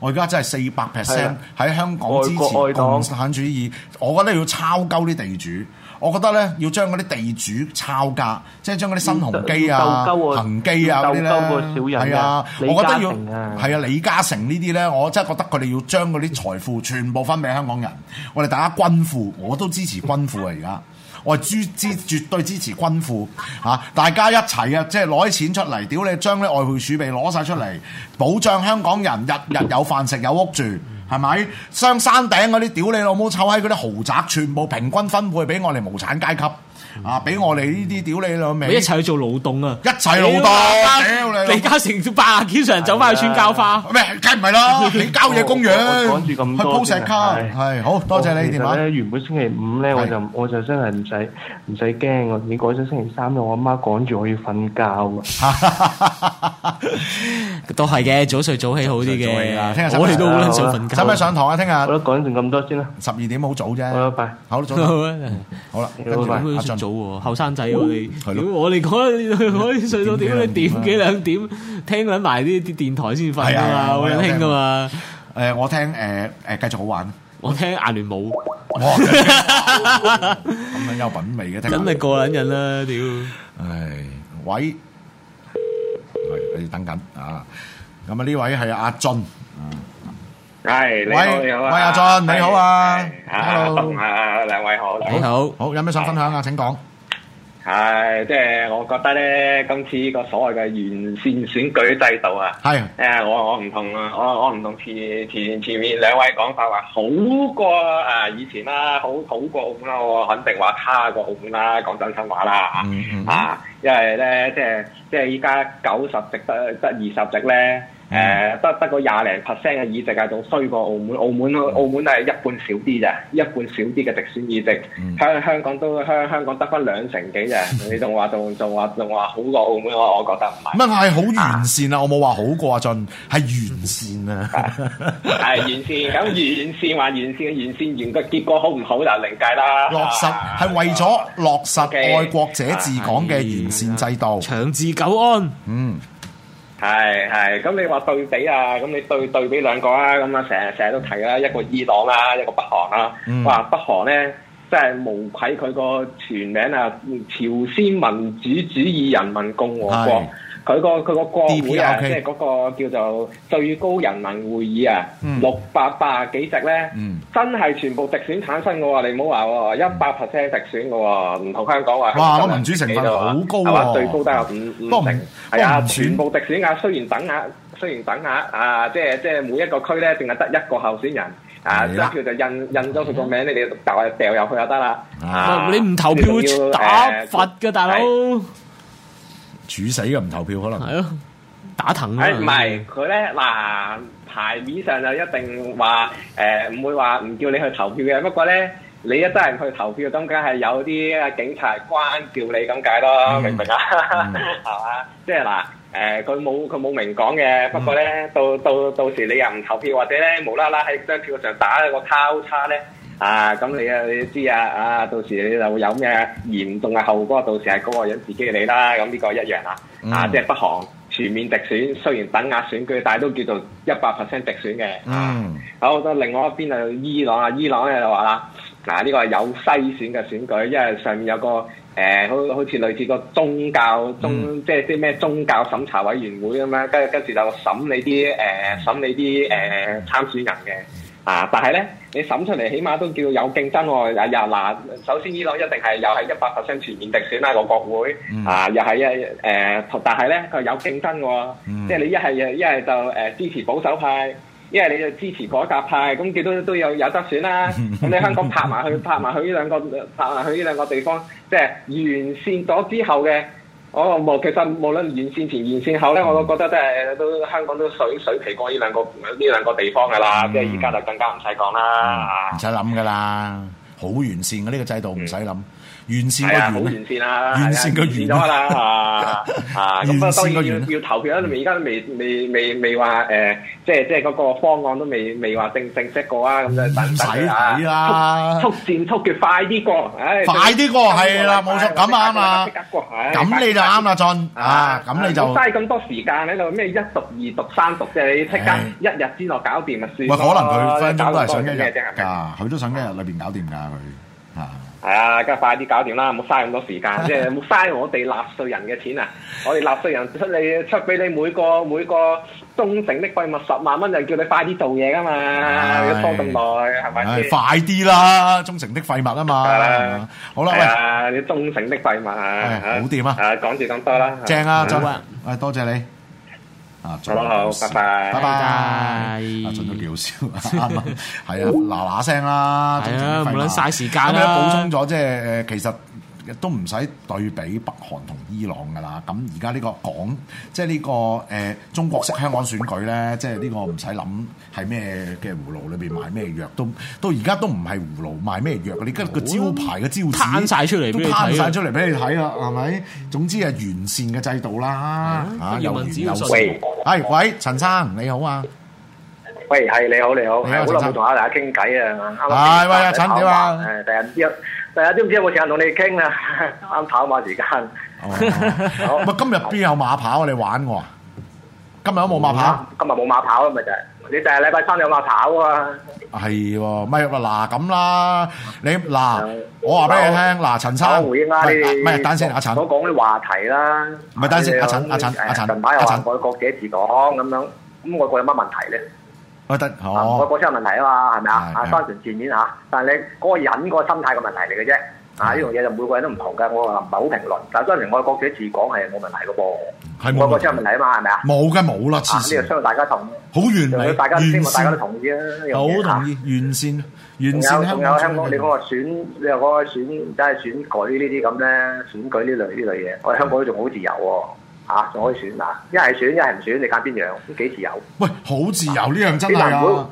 我而家真係四百 percent 喺香港支持共產主義，啊、我覺得要抄鳩啲地主。我覺得咧，要將嗰啲地主抄家，即係將嗰啲新鴻基啊、恒基啊嗰啲咧，係啊，啊我覺得要係啊，李嘉誠呢啲咧，我真係覺得佢哋要將嗰啲財富全部分俾香港人，我哋大家均富，我都支持均富啊！而家我係支支絕對支持均富嚇、啊，大家一齊啊！即係攞啲錢出嚟，屌你，將啲外匯儲備攞晒出嚟，保障香港人日日有飯食有屋住。係咪上山頂嗰啲屌你老母，臭閪嗰啲豪宅，全部平均分配俾我哋無產階級。啊！俾我哋呢啲屌你老味，一齊去做勞動啊！一齊勞動，屌你！李嘉誠八廿幾歲人走翻去穿膠花，唔係，梗係唔係啦！你交嘢供養，趕住咁多，係好多謝你電話咧。原本星期五咧，我就我就真係唔使唔使驚。我你改咗星期三啦，我阿媽趕住我要瞓覺啊！都係嘅，早睡早起好啲嘅。我哋都好想瞓覺，使唔使上堂啊？聽日都趕住咁多先啦，十二點好早啫。好拜好，好啦，拜拜。到喎，後生仔我哋，我哋可以睡到點？點幾兩點？聽緊埋啲啲電台先瞓啊嘛，我聽噶嘛。誒，我聽誒誒繼續好玩。我聽阿聯舞，咁樣有品味嘅聽。咁你過癮啦，屌！唉，喂，係我等緊啊。咁啊呢位係阿俊。係，喂，喂，阿俊，你好啊，hello，阿兩位好，好，好，有咩想分享啊？請講。係，即係我覺得咧，今次呢個所謂嘅完善選舉制度啊，係，誒，我我唔同啊，我唔同前前前面兩位講法話好過誒以前啦，好好過澳門啦，我肯定話差過澳門啦，講真心話啦，啊，因為咧，即係即係依家九十席得得二十席咧。誒得得個廿零 percent 嘅議席啊，仲衰過澳門。澳門澳門係一半少啲咋，一半少啲嘅直選議席。香香港都香香港得翻兩成幾咋，你仲話仲仲話仲話好過澳門？我我覺得唔係。唔係好完善啊！我冇話好過盡，係完善啊。係完善咁完善還完善嘅完善完嘅結果好唔好啦？另計啦。落實係為咗落實愛國者治港嘅完善制度，長治久安。嗯。係，係，咁你話對比啊，咁你對對比兩個啊，咁啊成日成日都提啦，一個伊朗啦、啊，一個北韓啦、啊，話、嗯、北韓咧真係無愧佢個全名啊，朝鮮民主主義人民共和國。佢個佢個國會啊，即係嗰個叫做最高人民會議啊，六百八啊幾席咧，真係全部直選產生嘅喎，你唔好話喎，一百 percent 直選嘅喎，唔同香港話。哇！我民主成分好高喎，最高得五五成，係啊，全部直選啊，雖然等下雖然等下啊，即係即係每一個區咧，淨係得一個候選人啊，張票就印印咗佢個名，你哋掉掉入去就得啦。你唔投票打罰嘅大佬。主死嘅唔投票可能，係咯打藤。哎，唔係佢咧嗱，牌面上就一定話誒，唔會話唔叫你去投票嘅。不過咧，你一真係唔去投票，咁梗係有啲啊警察係關照你咁解咯，明唔明啊？係嘛，即係嗱，誒，佢冇佢冇明講嘅。不過咧，到到到時你又唔投票，或者咧無啦啦喺張票上打一個交叉咧。啊，咁你啊，你知啊，啊，到時你就會有咩嚴重嘅後果，到時係嗰個人自己嚟啦。咁、啊、呢個一樣、嗯、啊，啊，即係北韓全面直選，雖然等額選舉，但係都叫做一百 percent 直選嘅。嗯、啊。好，咁另外一邊啊，伊朗啊，伊朗咧就話啦，嗱，呢個係有篩選嘅選舉，因為上面有個誒、呃，好好似類似個宗教宗，嗯、即係啲咩宗教審查委員會咁樣，跟跟住就審你啲誒、呃，審你啲誒、呃、參選人嘅。啊！但係咧，你審出嚟，起碼都叫有競爭喎、哦。又、啊、嗱，首先呢伊朗一定係又係一百 percent 全面篩選啦，個國會。啊，又係一誒，但係咧佢有競爭喎、哦。嗯、即係你一係一係就誒、呃、支持保守派，一係你就支持改革派，咁幾多都有有得選啦、啊。咁 你香港拍埋去拍埋去呢兩個拍埋去呢兩個地方，即係完善咗之後嘅。哦，冇，其實無論完善前、完善後咧，嗯、我都覺得都係都香港都水，水皮過呢兩個呢兩個地方㗎啦，嗯、即係而家就更加唔使講啦，唔使諗㗎啦，好的完善嘅呢、呢個制度，唔使諗。嗯完善啊，好完善啊，完善個完善咗啦啊！啊，咁啊，當然要要投票啦，你咪，而家都未未未未話誒，即係即係嗰個方案都未未話正正式過啊，咁就唔使使啦，速戰速決，快啲過，快啲過係啦，冇錯，咁啱啊，咁你就啱啦，俊啊，咁你就冇嘥咁多時間喺度咩一讀二讀三讀，即係你即刻一日之內搞掂啊，就算可能佢佢都係想一日噶，佢都想一日裏邊搞掂噶佢啊。係啊，梗係快啲搞掂啦，唔好嘥咁多時間，即係唔好嘥我哋納稅人嘅錢啊！我哋納稅人出你出俾你每個每個忠誠的廢物十萬蚊，就叫你快啲做嘢噶嘛，要多咁耐係咪先？快啲啦，忠誠的廢物啊嘛！好啦，你忠誠的廢物，好掂啊！講住咁多啦，正啊，周啊，多謝你。啊，好，好，拜拜，拜拜，啊，阿俊都幾好笑啊，係啊，嗱嗱聲啦，係啊，唔好嘥時間啦，補充咗，即係誒，其實。都唔使對比北韓同伊朗噶啦，咁而家呢個港，即係呢、呢個誒、呃、中國式香港選舉咧，即係呢個唔使諗係咩嘅葫蘆裏邊賣咩藥，都到而家都唔係葫蘆賣咩藥，你跟個招牌嘅招紙攤曬出嚟，都攤曬出嚟俾你睇啦，係咪、啊啊？總之係完善嘅制度啦，啊、又完善又順利。係，喂，陳生你好啊，喂，係你好你好，你好耐冇同大家傾偈啊，係喂阿陳點啊？第一。大家知唔知有冇時間同你傾啊？啱跑馬時間。好啊，今日邊有馬跑啊？你玩我啊？今日都冇馬跑，今日冇馬跑啊？咪就係。你第日禮拜三有馬跑啊？係喎，咪嗱咁啦。你嗱，我話俾你聽，嗱陳生回應啦，唔係唔係，等陣先啊陳。我講啲話題啦。唔係等陣先啊陳啊陳啊陳啊陳。近排又話外國幾多次講咁樣，咁外國有乜問題咧？得，外國車有問題啊嘛，係咪啊？啊，翻船漸演嚇，但係你嗰個人嗰個心態嘅問題嚟嘅啫。啊，呢樣嘢就每個人都唔同嘅，我話唔係好評論。但係當然，外國自己自講係冇問題嘅噃。外國車有問題啊嘛，係咪啊？冇嘅，冇啦。啊，呢個需要大家同意。好完美，大家希望大家都同意啊。好同意，完善，完善。仲有香港，你講個選，你又講選，梗係選舉呢啲咁咧，選舉呢類呢類嘢，我哋香港都仲好自由喎。吓，可以選嗱，一係選一係唔選，你揀邊樣？幾自由？喂，好自由呢樣真係啊！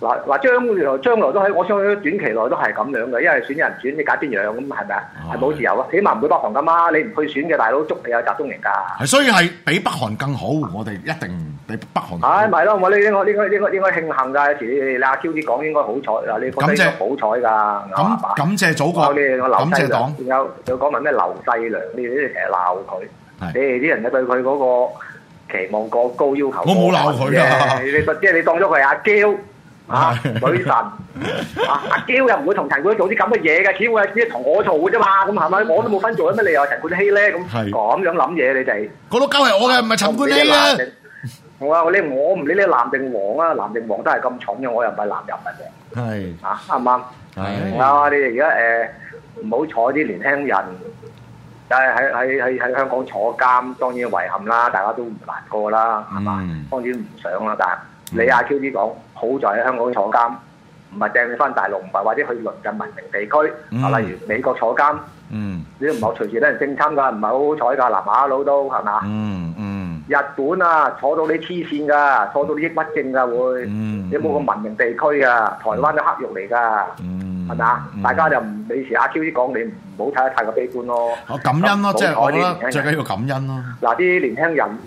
嗱嗱，將來將來都喺我相信短期內都係咁樣嘅，一係選一係唔選，你揀邊樣咁係咪啊？係好自由啊！哎、起碼唔會北韓噶嘛，你唔去選嘅大佬捉你啊，集中營噶。係所以係比北韓更好，我哋一定比北韓更好。唉、啊，係、就、咯、是，我應該應該應該應該慶幸噶，有時你阿 Q 啲講應該好彩嗱，你講得好彩噶。咁感謝祖國，你感謝黨。有有講埋咩劉細良你哋成日鬧佢。你你你哋啲人啊，對佢嗰個期望過高，要求我冇鬧佢啊！你不知你當咗佢係阿嬌啊，女神啊。阿嬌又唔會同陳冠希做啲咁嘅嘢㗎，只會阿嬌同我做嘅啫嘛，咁係咪？我都冇分做咩，你又陳冠希咧咁，咁樣諗嘢你哋？嗰攞金係我嘅，唔係陳冠希啦！我啊，你我唔理你男定王啊，男定王都係咁蠢嘅，我又唔係男又唔係王。係啊，啱唔啱？啱啊！你哋而家誒唔好彩啲年輕人。喺喺喺喺香港坐監當然遺憾啦，大家都唔難過啦，係嘛、嗯？當然唔想啦，但係你阿 Q 啲講好在喺香港坐監，唔係掟你返大陸，唔係或者去鄰近文明地區，嗯、啊，例如美國坐監、嗯嗯，嗯，你都唔好隨時等人正參㗎，唔係好好彩㗎，嗱，馬佬都係嘛？嗯嗯。日本啊，坐到你黐線㗎，坐到你抑鬱症㗎會。嗯，你冇個文明地區㗎、啊，台灣都黑肉嚟㗎，係咪啊？吧嗯、大家就唔，你似阿 Q 啲講，你唔好睇得太過悲觀咯。我感恩咯、啊，即係我覺得最緊要感恩咯、啊。嗱，啲、啊啊、年輕人，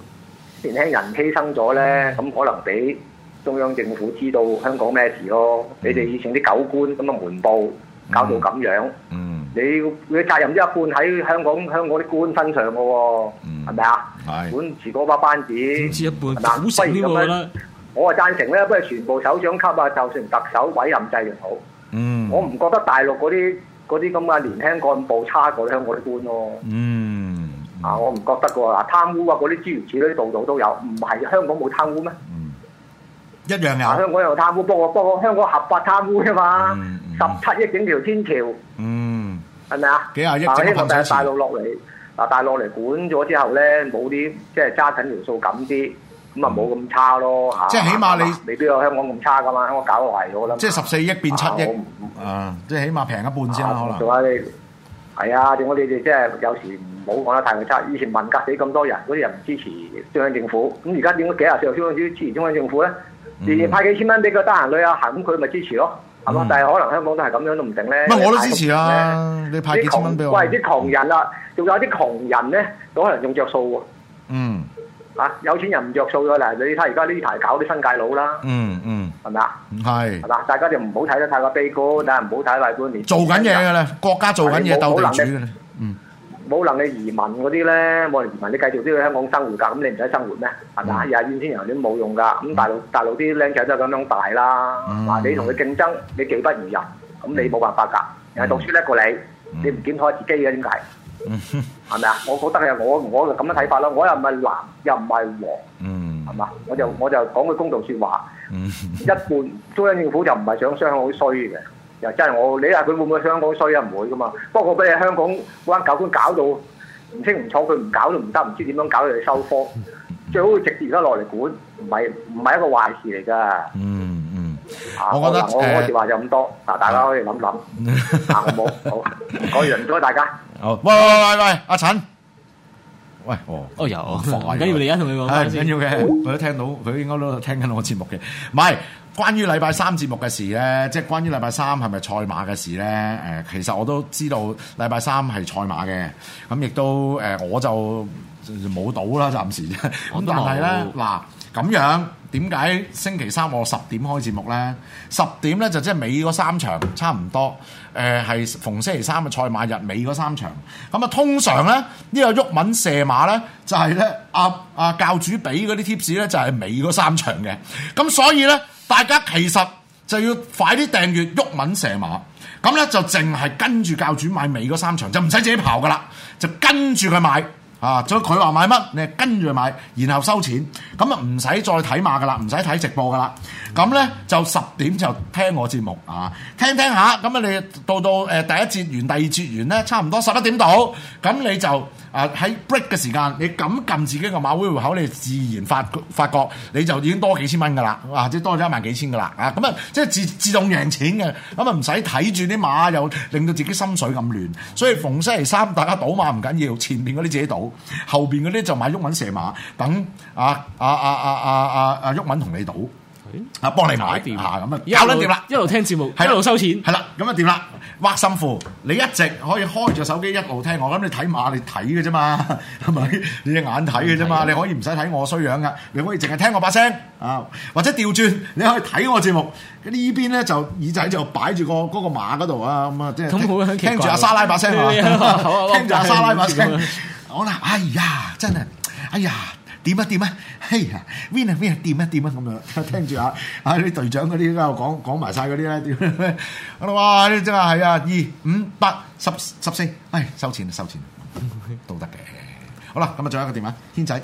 年輕人犧牲咗咧，咁可能俾中央政府知道香港咩事咯。嗯、你哋以前啲狗官咁啊，瞞報搞到咁樣嗯。嗯。你你嘅責任之一半喺香港香港啲官身上㗎喎，係咪啊？係管住把班子，一半。好犀利咁樣，我啊贊成咧，不如全部首長級啊，就算特首委任制又好，嗯，我唔覺得大陸嗰啲啲咁嘅年輕幹部差過香港啲官咯，嗯，啊，我唔覺得㗎喎，嗱，貪污啊，嗰啲諸如此類，度度都有，唔係香港冇貪污咩？一樣呀，香港有貪污，不過不過香港合法貪污吖嘛，十七億整條天橋，嗯。係咪啊？幾廿億，大落落嚟，啊大落嚟管咗之後咧，冇啲即係揸緊條數咁啲，咁啊冇咁差咯嚇。即係起碼你未必有香港咁差噶嘛，香港搞壞咗啦。即係十四億變七億，啊，即係起碼平一半先可能。係啊，點解你哋即係有時唔好講得太過差？以前文革死咁多人，嗰啲人唔支持中央政府，咁而家點解幾廿歲又支持支持中央政府咧？你派幾千蚊俾佢得閒女啊？行，咁佢咪支持咯？係嘛？但係可能香港都係咁樣都唔定咧。唔係我都支持啦，你派幾千蚊俾我。喂，啲窮人啦，仲有啲窮人咧，都可能用著數喎。嗯。啊，有錢人唔著數咗啦！你睇而家呢排搞啲新界佬啦。嗯嗯，係咪啊？係。係嘛？大家就唔好睇得太過悲觀，但係唔好睇太過年。做緊嘢噶啦，國家做緊嘢鬥地主噶啦。嗯。冇能力移民嗰啲咧，冇能力移民，你繼續都喺香港生活㗎，咁你唔使生活咩？係咪啊？廿億千人點冇用㗎？咁、嗯、大陸大陸啲僆仔都咁樣大啦，話、嗯、你同佢競爭，你技不如人，咁你冇辦法㗎。嗯、人哋讀書叻過你，嗯、你唔檢討自己嘅點解？係咪啊？我覺得係我我咁樣睇法咯。我又唔係藍，又唔係黃，係嘛、嗯？我就我就講句公道説話，嗯、 一半中央政府就唔係想香港衰嘅。又真係我，你話佢會唔會香港衰啊？唔會噶嘛。不過俾你香港嗰班狗官搞到唔清唔楚，佢唔搞都唔得，唔知點樣搞嚟收科。最好直接而家落嚟管，唔係唔係一個壞事嚟噶。嗯嗯，我覺得誒。嗱，我我説話就咁多，嗱，大家可以諗諗。啊，我冇好，講完唔該大家。哦，喂喂喂喂，阿陳，喂，哦，哦有，緊要嚟啊，同你講，緊要嘅，佢都聽到，佢應該都聽緊我節目嘅，唔係。關於禮拜三節目嘅事咧，即係關於禮拜三係咪賽馬嘅事咧？誒、呃，其實我都知道禮拜三係賽馬嘅，咁亦都誒、呃，我就冇賭啦，暫時啫，咁但係咧，嗱咁樣點解星期三我十點開節目咧？十點咧就即係尾嗰三場差唔多，誒、呃、係逢星期三嘅賽馬日尾嗰三場。咁啊，通常咧呢個鬱文射馬咧就係咧阿阿教主俾嗰啲 tips 咧就係尾嗰三場嘅。咁所以咧。大家其實就要快啲訂閱毓民蛇馬，咁咧就淨係跟住教主買尾嗰三場，就唔使自己刨㗎喇，就跟住佢買。啊！所以佢話買乜，你跟住買，然後收錢，咁啊唔使再睇馬噶啦，唔使睇直播噶啦。咁呢，就十點就聽我節目啊，聽聽下。咁啊，你到到誒第一節完，第二節完呢，差唔多十一點到。咁你就啊喺 break 嘅時間，你咁撳自己個馬會戶口，你自然發發覺你就已經多幾千蚊噶啦，或者多咗一萬幾千噶啦。啊，咁啊即係自自動贏錢嘅，咁啊唔使睇住啲馬又令到自己心水咁亂。所以逢星期三大家賭馬唔緊要，前面嗰啲自己賭。後邊嗰啲就買喐文射馬，等阿阿阿阿阿阿阿喐文同你賭，啊幫、啊啊啊你，欸、你買，吓咁啊搞撚掂啦，一路聽節目，啊、喺一度收錢，係啦、啊，咁啊掂啦，挖心褲，你一直可以開住手機一路聽我，咁你睇馬你睇嘅啫嘛，係咪？你隻眼睇嘅啫嘛，你可以唔使睇我衰樣噶，你可以淨係聽我把聲啊，或者調轉你可以睇我節目，邊呢邊咧就耳仔就擺住個嗰個馬嗰度啊，咁啊即係聽住阿沙拉把聲， 聽住阿沙拉把聲。 我啦，哎呀，真係，哎呀，點啊點啊，嘿呀 win 啊 win 啊，點啊，一 啊點啊，咁樣聽住啊，啊啲隊長嗰啲啦，講講埋晒嗰啲啦，好我話哇，真係係啊，二五八十十四，哎，收錢收錢，收錢 Okay. 都得嘅。好啦，咁啊，仲有一個電話，軒、啊、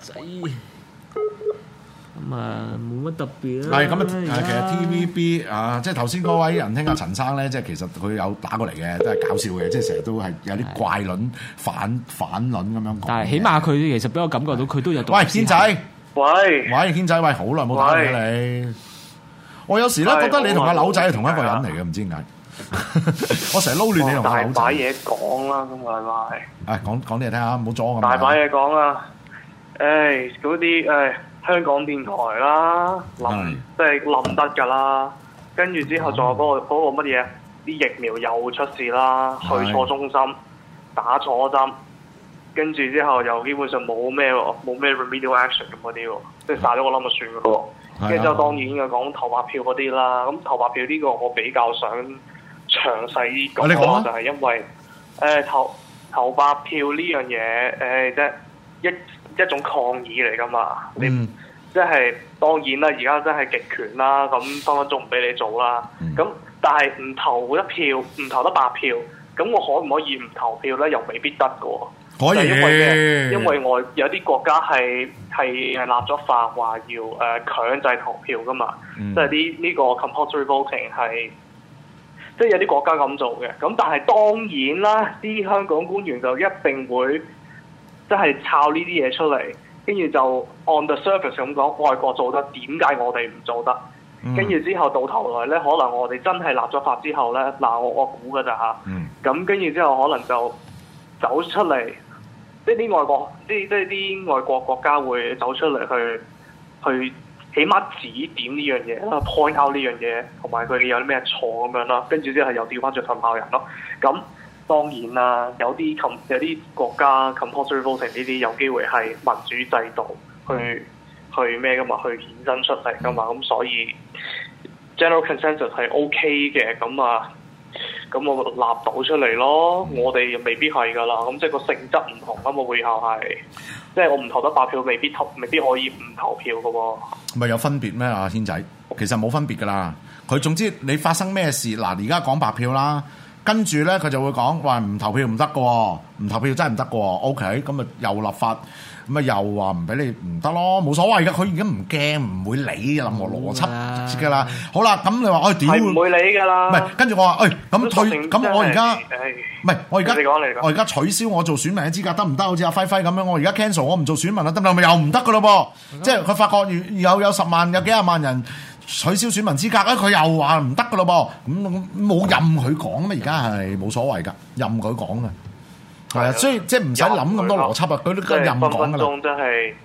仔。啊，冇乜特別啦。係咁啊，其實 TVB 啊，即係頭先嗰位仁兄啊陳生咧，即係其實佢有打過嚟嘅，都係搞笑嘅，即係成日都係有啲怪論反反論咁樣講。但係，起碼佢其實俾我感覺到佢都有。喂，軒仔，喂，喂，軒仔，喂，好耐冇打嚟啦你。我有時咧覺得你同阿柳仔係同一個人嚟嘅，唔知點解。我成日撈亂你同阿柳仔。大把嘢講啦，咁咪。係。係講講啲嘢聽下，唔好阻我咁。大把嘢講啊！唉，嗰啲唉。香港電台啦，諗即係諗得㗎啦。跟住之後仲有嗰、嗰個乜嘢？啲、啊、疫苗又出事啦，啊、去錯中心打錯針，跟住之後又基本上冇咩冇咩 remedial action 咁嗰啲喎，即係曬咗個冧就算嘅咯。跟住就當然嘅講投白票嗰啲啦。咁投白票呢個我比較想詳細啲講，啊、就係因為誒、呃、投投白票呢樣嘢誒即一一種抗議嚟㗎嘛，嗯、你即係、就是、當然啦，而家真係極權啦，咁分分鐘唔俾你做啦。咁、嗯、但係唔投一票，唔投得百票，咁我可唔可以唔投票咧？又未必得嘅。可以，因為，因為我有啲國家係係立咗法話要誒、呃、強制投票㗎嘛，即係啲呢個 compulsory voting 係即係有啲國家咁做嘅。咁但係當然啦，啲香港官員就一定會。即係抄呢啲嘢出嚟，跟住就 on the surface 咁講，外國做得點解我哋唔做得？跟住、mm. 之後到頭來咧，可能我哋真係立咗法之後咧，嗱，我我估噶咋嚇？咁跟住之後可能就走出嚟，即係啲外國，啲即係啲外國國家會走出嚟去去，去起碼指點呢樣嘢，point out 呢樣嘢，同埋佢哋有啲咩錯咁樣咯。跟住之後又調翻轉頭咬人咯，咁。當然啦，有啲有啲國家 compulsory voting 呢啲有機會係民主制度去、嗯、去咩噶嘛，去衍生出嚟噶嘛，咁、嗯、所以 general consensus 係 OK 嘅，咁啊咁我立到出嚟咯，我哋又未必係噶啦，咁、嗯、即係個性質唔同啊嘛，嗯、會後係即係我唔投得白票，未必投，未必可以唔投票噶喎、啊。唔係有分別咩啊，軒仔？其實冇分別噶啦，佢總之你發生咩事，嗱而家講白票啦。跟住咧，佢就會講話唔投票唔得嘅喎，唔投票真係唔得嘅喎。OK，咁咪又立法，咁咪又話唔俾你唔得咯，冇所謂嘅。佢而家唔驚，唔會理任何邏輯嘅啦。Yeah. 好啦，咁你話誒點？唔、哎、會理㗎啦。唔係，跟住我話誒，咁退，咁成我而家唔係，我而家我而家取消我做選民嘅資格得唔得？好似阿輝輝咁樣，我而家 cancel，我唔做選民啦，得唔得？咪又唔得㗎咯噃，即係佢發覺有有，有十萬，有幾廿萬人。取消選民資格咧，佢、啊、又話唔得嘅咯噃，咁、嗯、冇、嗯、任佢講啊嘛，而家係冇所謂噶，任佢講啊，係啊的，的所以即係唔使諗咁多邏輯啊，佢的都任講噶。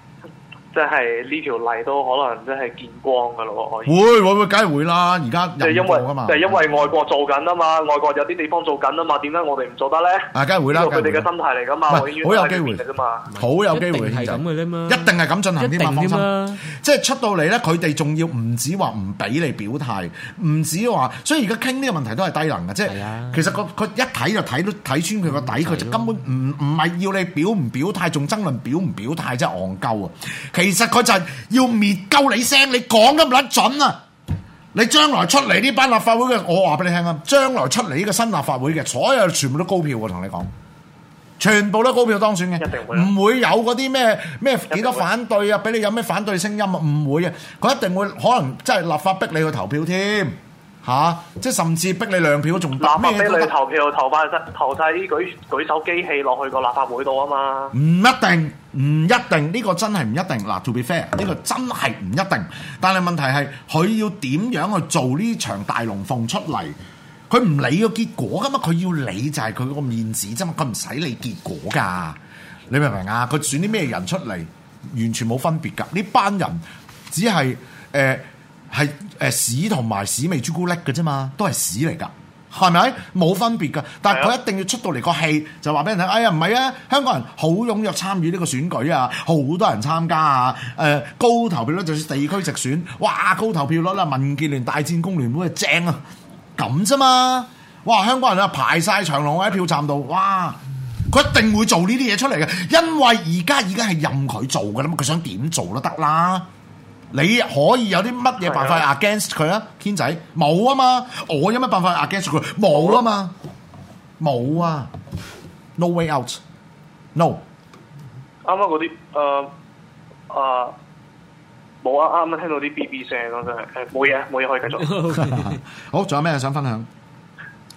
即係呢條例都可能真係見光噶咯，可以。會會會，梗係會啦！而家因為噶嘛，就因為外國做緊啊嘛，外國有啲地方做緊啊嘛，點解我哋唔做得咧？啊，梗係會啦，做佢哋嘅心態嚟噶嘛，好有機會噶啫嘛，好有機會，係咁嘅咧嘛，一定係咁進行啲問題嘛，放心。即係出到嚟咧，佢哋仲要唔止話唔俾你表態，唔止話，所以而家傾呢個問題都係低能嘅，即係其實佢佢一睇就睇到睇穿佢個底，佢就根本唔唔係要你表唔表態，仲爭論表唔表態，即係戇鳩啊！其實佢就係要滅鳩你聲，你講得唔甩準啊！你將來出嚟呢班立法會嘅，我話俾你聽啊，將來出嚟呢個新立法會嘅，所有全部都高票嘅，同你講，全部都高票，全部都高票當選嘅，唔會，會有嗰啲咩咩幾多反對啊，俾你有咩反對聲音啊，唔會啊，佢一定會可能真係立法逼你去投票添。嚇、啊！即係甚至逼你兩票都仲攬咩？你投票投翻曬，投曬啲舉舉手機器落去個立法會度啊嘛！唔一定，唔一定，呢、呢個真係唔一定。嗱、啊，to be fair，呢個真係唔一定。但係問題係佢要點樣去做呢場大龍鳳出嚟？佢唔理個結果㗎嘛，佢要理就係佢個面子啫嘛，佢唔使理結果㗎。你明唔明啊？佢選啲咩人出嚟，完全冇分別㗎。呢班人只係誒係。呃屎同埋屎味朱古力嘅啫嘛，都係屎嚟噶，係咪？冇分別噶，但係佢一定要出到嚟個戲，就話俾人聽。哎呀，唔係啊，香港人好踴躍參與呢個選舉啊，好多人參加啊。誒、呃，高投票率，就算地區直選，哇，高投票率啦、啊，民建聯大戰工聯會正啊，咁啫嘛。哇，香港人啊，排晒長龍喺票站度，哇，佢一定會做呢啲嘢出嚟嘅，因為而家已經係任佢做嘅啦，佢想點做都得啦。你可以有啲乜嘢辦法 against 佢的啊，軒仔？冇啊嘛，我有乜辦法 against 佢？冇啊嘛，冇有啊，no way out，no。啱啱嗰啲誒誒，冇啊！啱啱聽到啲 B B 聲，我真係冇嘢，冇嘢可以繼續。 好，仲有咩想分享？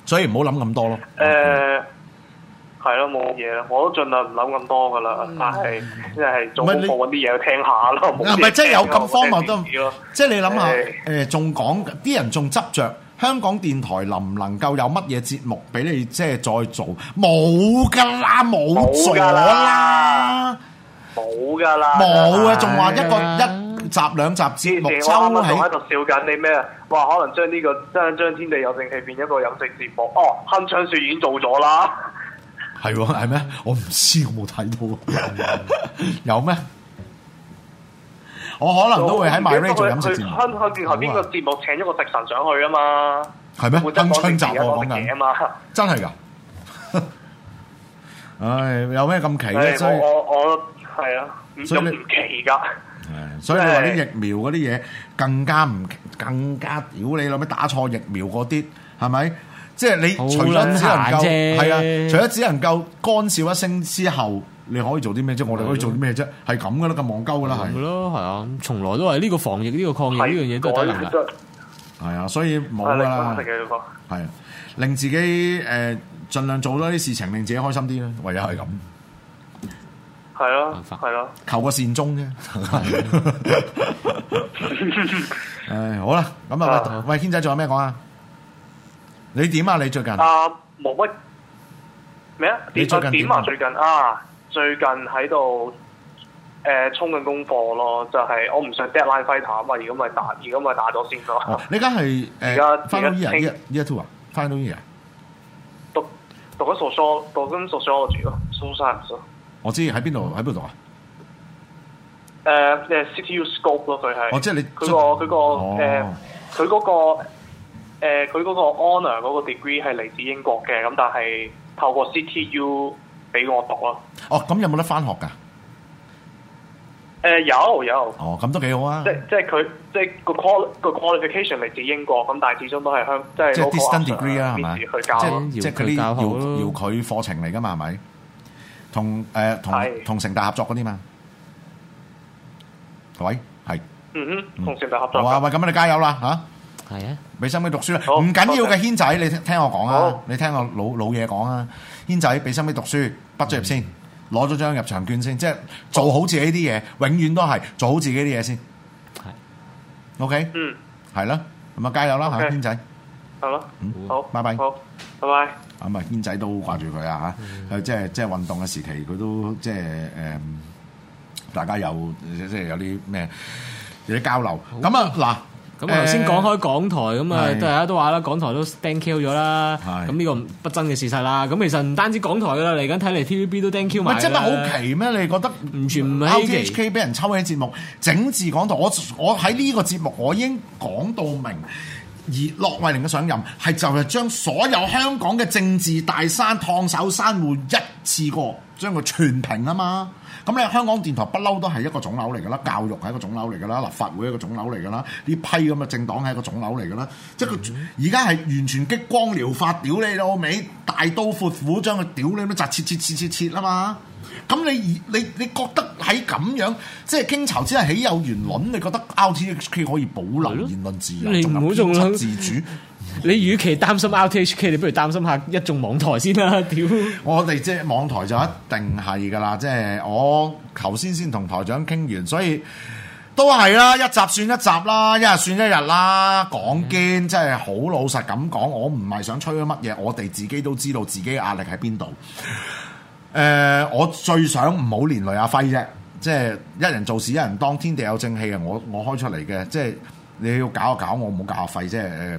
所以唔好諗咁多咯。誒、呃。係咯，冇嘢、啊、我都盡量唔諗咁多噶啦，但係即係仲播啲嘢去聽下咯。係咪即係有咁荒謬都？即係、啊、你諗下，誒仲講啲人仲執着香港電台能唔能夠有乜嘢節目俾你即係再做？冇噶啦，冇做啦，冇噶啦，冇啊！仲話一個、嗯、一集兩集節目仲喺度笑緊你咩？話可能將呢、呢個將將天地有正氣變一個飲食節目，哦，鏗鏘說已經做咗啦。 係喎，係咩？我唔知，我冇睇到，有咩？我可能都會喺 MyRadio 做飲食節目啊嘛。佢邊個節目請咗個食神上去啊嘛？係咩嗎？登春集我講嘢啊嘛？ 真係是㗎的！唉、 哎，有咩咁奇咧？所以、哎、我我係啊，咁唔奇㗎。所以你話啲 疫苗嗰啲嘢更加唔更加屌你啦？咩打錯疫苗嗰啲係咪？即係你，除咗只能夠係啊，除咗只能夠乾笑一聲之後，你可以做啲咩啫？我哋可以做啲咩啫？係咁噶啦，咁戇鳩噶啦，係咯，係啊，從來都係呢個防疫、呢個抗疫呢樣嘢都係艱難。係啊，所以冇噶啦，係令自己誒盡量做多啲事情，令自己開心啲啦。唯有係咁，係咯，係咯，求個善終啫。唉，好啦，咁啊，喂，軒仔，仲有咩講啊？你點啊？你最近啊，冇乜咩啊？你最近點啊？最近啊，最近喺度誒，衝緊功課咯，就係、是、我唔上 deadline fighter 啊嘛，而家咪打，而家咪打咗先咯。哦，你而家係誒，final year 啊，year two 啊，final year 讀。讀、sociology, 讀緊碩讀緊碩士我住咯，蘇山我知喺邊度？喺邊度啊？誒誒，CityU SCOPE 咯，佢係。哦，是即係你佢個佢個誒，佢、嗰個。哦誒，佢嗰、呃、個 honor 嗰個 degree 係嚟自英國嘅，咁但係透過 CTU 俾我讀咯。哦，咁有冇得返學㗎？誒、呃，有有。哦，咁都幾好啊！即即係佢即係個 qual 個 qualification 嚟自英國，咁但係始終都係香，即係。即係 distance degree 啊，係嘛？即係即係嗰要佢課程嚟㗎嘛，係咪？同誒同同成大合作嗰啲嘛。係咪？係。嗯哼，同成大合作好、啊。好喂，咁你加油啦嚇！啊係啊，俾心機讀書啦，唔緊要嘅軒仔，你聽我講啊，你聽我老老嘢講啊，軒仔俾心機讀書，畢咗業先，攞咗張入場券先，即係做好自己啲嘢，永遠都係做好自己啲嘢先。係，OK，嗯，係啦，咁啊，加油啦吓，軒仔，係咯，好，拜拜，好，拜拜。咁啊，軒仔都掛住佢啊吓，佢即係即係運動嘅時期，佢都即係誒，大家有即係有啲咩，有啲交流，咁啊嗱。咁頭先講開港台咁啊，欸、大家都係都話啦，港台都釘 kill 咗啦，咁呢個不爭嘅事實啦。咁其實唔單止港台啦，嚟緊睇嚟 TVB 都釘 kill 埋啦。唔係真係好奇咩？你覺得完全唔係好奇？RTHK 俾人抽起節目整治港台，我我喺呢個節目我已經講到明，而駱惠寧嘅上任係就係將所有香港嘅政治大山、燙手山芋一次過將佢全平啊嘛！咁你香港電台不嬲都係一個腫瘤嚟噶啦，教育係一個腫瘤嚟噶啦，立法會一個腫瘤嚟噶啦，呢批咁嘅政黨係一個腫瘤嚟噶啦，嗯、即係佢而家係完全激光療法，屌你老味，大刀闊斧將佢屌你咁樣切切切切切啊嘛！咁你你你覺得喺咁樣即係傾巢之下，豈有完卵？你覺得 RTHK 可以保留言論自由，仲吧有編輯自主？你與其擔心 RTHK，你不如擔心一下一眾網台先啦。屌！ 我哋即係網台就一定係噶啦，即係我頭先先同台長傾完，所以都係啦，一集算一集啦，一日算一日啦。講堅即係好老實咁講，我唔係想吹乜嘢，我哋自己都知道自己壓力喺邊度。誒、呃，我最想唔好連累阿輝啫，即係一人做事一人當，天地有正氣啊！我我開出嚟嘅，即係你要搞一搞，我冇教學費啫。呃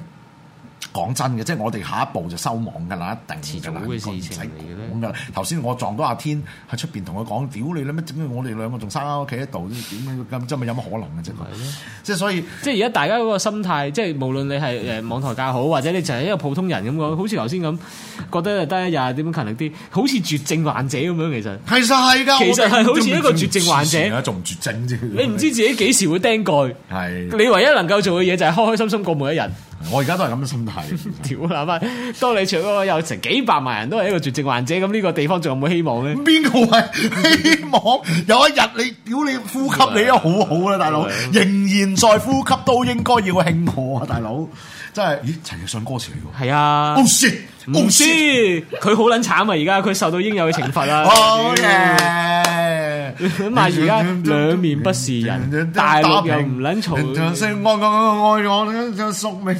講真嘅，即係我哋下一步就收網㗎喇，一定遲早嘅事情嚟嘅。頭先我撞到阿天喺出邊同佢講：屌你諗咩？點 解樂我哋兩個仲生喺屋企喺度？點解咁真係有乜可能嘅啫？即係 所以，即係而家大家嗰個心態，即係無論你係誒網台教好，或者你就係一個普通人咁講，好似頭先咁覺得得一日點樣勤力啲，好似絕症患者咁樣。其實係曬㗎，其實係好似一個絕症患者，仲絕症啫！你唔知自己幾時會釘蓋，係的你唯一能夠做嘅嘢就係開開心心過每一日。 我而家都係咁嘅心態。屌，阿媽，當你除咗有成幾百萬人都係一個絕症患者，咁呢個地方仲有冇希望咧？邊個係希望有一日你屌你呼吸你都好好啦， 大佬，仍然在呼吸都應該要慶賀啊，大佬。真係，陳奕迅歌詞嚟㗎。係啊。Oh 唔輸，佢好捻慘啊！而家佢受到應有嘅懲罰啊。好嘢，咁啊，而家兩面不是人，大陸又唔捻嘈。陳長生，愛我愛我，想宿命。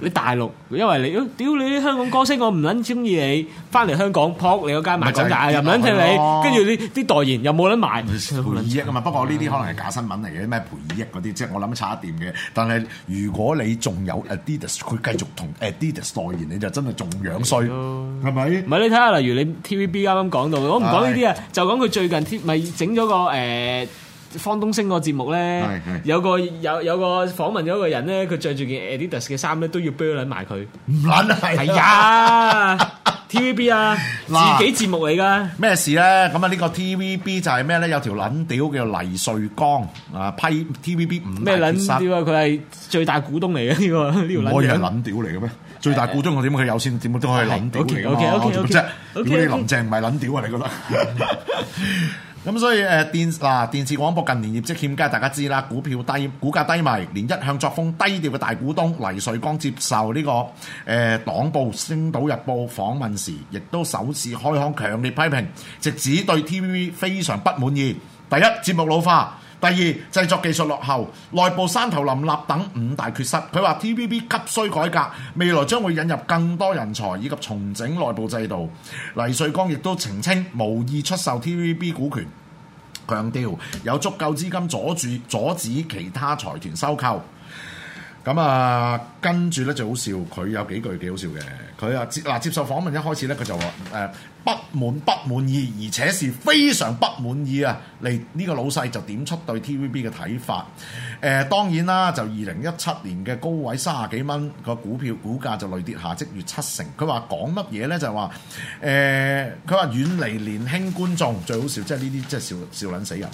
你大陸，因為你屌你啲香港歌星，我唔捻中意你。翻嚟香港撲你個街賣，又唔捻聽你。跟住你啲代言又冇捻賣。賠二嘛，不過呢啲可能係假新聞嚟嘅，咩賠二億嗰啲，即係我諗差一點嘅。但係如果你仲有 Adidas，佢繼續同 Adidas 代言，你就真係仲。樣衰咯，係咪的？唔係吧你睇下，例如你 TVB 啱啱講到，嘅，我唔講呢啲啊，的就講佢最近咪整咗個誒、呃、方東升的個節目咧，有個有有個訪問咗一個人咧，佢着住件 Adidas 嘅衫咧，都要 bear 捻埋佢，唔捻係啊 TVB 啊，自己節目嚟噶咩事咧？咁啊呢個 TVB 就係咩咧？有條捻屌叫黎瑞剛啊批 TVB 咩捻屌啊？佢係最大股東嚟嘅呢個呢條唔可以捻屌嚟嘅咩？最大股東我點解佢有錢，點解都可以攬屌嘅嘛？咁啫。Okay, okay, okay, okay, okay, okay, 如果你林鄭唔係攬掉啊，okay, okay, okay, 你覺得？咁 所以誒電嗱電視廣播近年業績欠佳，大家知啦，股票低股價低迷，連一向作風低調嘅大股東黎瑞剛接受呢、這個誒《黨、呃、報》《星島日報》訪問時，亦都首次開腔，強烈批評，直指對 T V B 非常不滿意。第一，節目老化。第二，製作技術落後，內部山頭林立等五大缺失，佢話 TVB 急需改革，未來將會引入更多人才以及重整內部制度。黎瑞剛亦都澄清無意出售 TVB 股權，強調有足夠資金阻住、阻止其他財團收購。咁啊，跟住咧就好笑，佢有幾句幾好笑嘅，佢啊接嗱、啊、接受訪問一開始咧，佢就話誒。呃不滿不滿意，而且是非常不滿意啊！嚟、這、呢個老細就點出對 TVB 嘅睇法。誒、呃、當然啦，就二零一七年嘅高位三十幾蚊個股票，股價就累跌下積月七成。佢話講乜嘢呢？就話、是、誒，佢話遠離年輕觀眾最好笑，即係呢啲即係笑笑撚死人。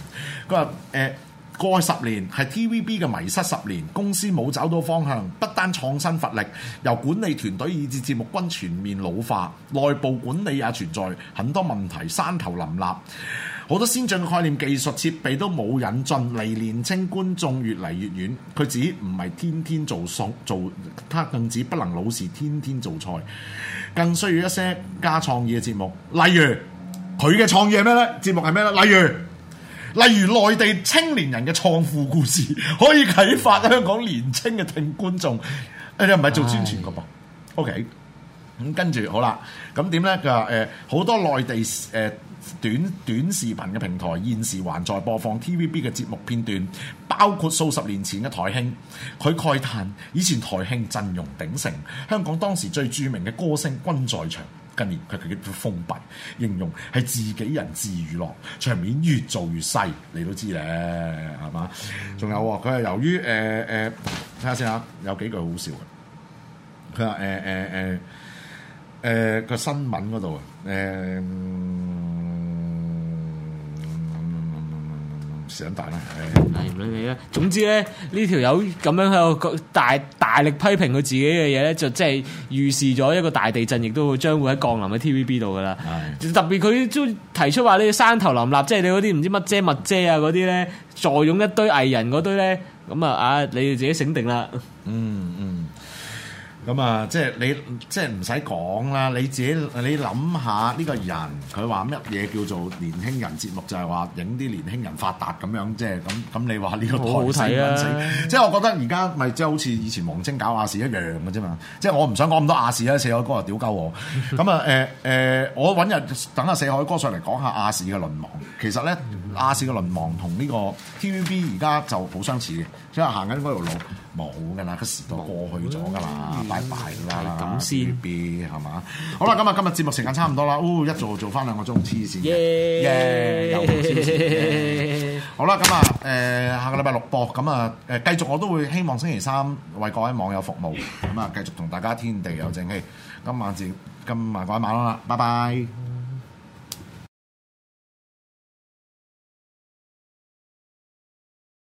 佢話誒。呃過去十年係 TVB 嘅迷失十年，公司冇找到方向，不單創新乏力，由管理團隊以至節目均全面老化，內部管理也存在很多問題，山頭林立，好多先進概念、技術、設備都冇引進，離年青觀眾越嚟越遠。佢只唔係天天做餸做，做，他更指不能老是天天做菜，更需要一些加創意嘅節目。例如佢嘅創意係咩呢？節目係咩呢？例如。例如內地青年人嘅創富故事，可以啟發香港年青嘅聽觀眾。你唔係做宣傳噶噃？O K，咁跟住好啦，咁點呢？佢話誒好多內地誒、呃、短短視頻嘅平台，現時還在播放 T V B 嘅節目片段，包括數十年前嘅台慶。佢慨嘆以前台慶陣容鼎盛，香港當時最著名嘅歌星均在場。今年佢佢封閉形容係自己人自娛樂，場面越做越細，你都知咧，係嘛？仲 有佢係由於誒誒，睇下先啊，有幾句好笑嘅。佢話誒誒誒誒個新聞嗰度誒。呃想打啦，係唔理你啦。總之咧，呢條友咁樣喺度大大力批評佢自己嘅嘢咧，就即係預示咗一個大地震，亦都會將會喺降臨喺 TVB 度噶啦。哎、特別佢都提出話呢山頭林立，即係你嗰啲唔知乜遮乜遮啊嗰啲咧，坐擁一堆藝人嗰堆咧，咁啊啊，你哋自己醒定啦，嗯。嗯嗯。咁啊，即係你即係唔使講啦，你自己你諗下呢個人佢話乜嘢叫做年輕人節目，就係話影啲年輕人發達咁樣，即係咁咁。你話呢個台死唔死？啊、即係我覺得而家咪即係好似以前王征搞亞視一樣嘅啫嘛。即係我唔想講咁多亞視啦，四海哥啊屌鳩我。咁 啊誒誒、呃，我揾日等阿四海哥上嚟講下亞視嘅淪亡。其實咧， 亞視嘅淪亡同呢個 TVB 而家就好相似嘅。即係行緊嗰條路冇㗎啦，個時代過去咗㗎啦，yeah, 拜拜啦，係咁先係嘛？好啦，咁啊今日節目時間差唔多啦，哦一做就做翻兩個鐘黐線嘅，好啦，咁啊誒下個禮拜六播，咁啊誒繼續我都會希望星期三為各位網友服務，咁啊 Yeah. 繼續同大家天地有正氣，今晚節今晚各位晚安啦，拜拜。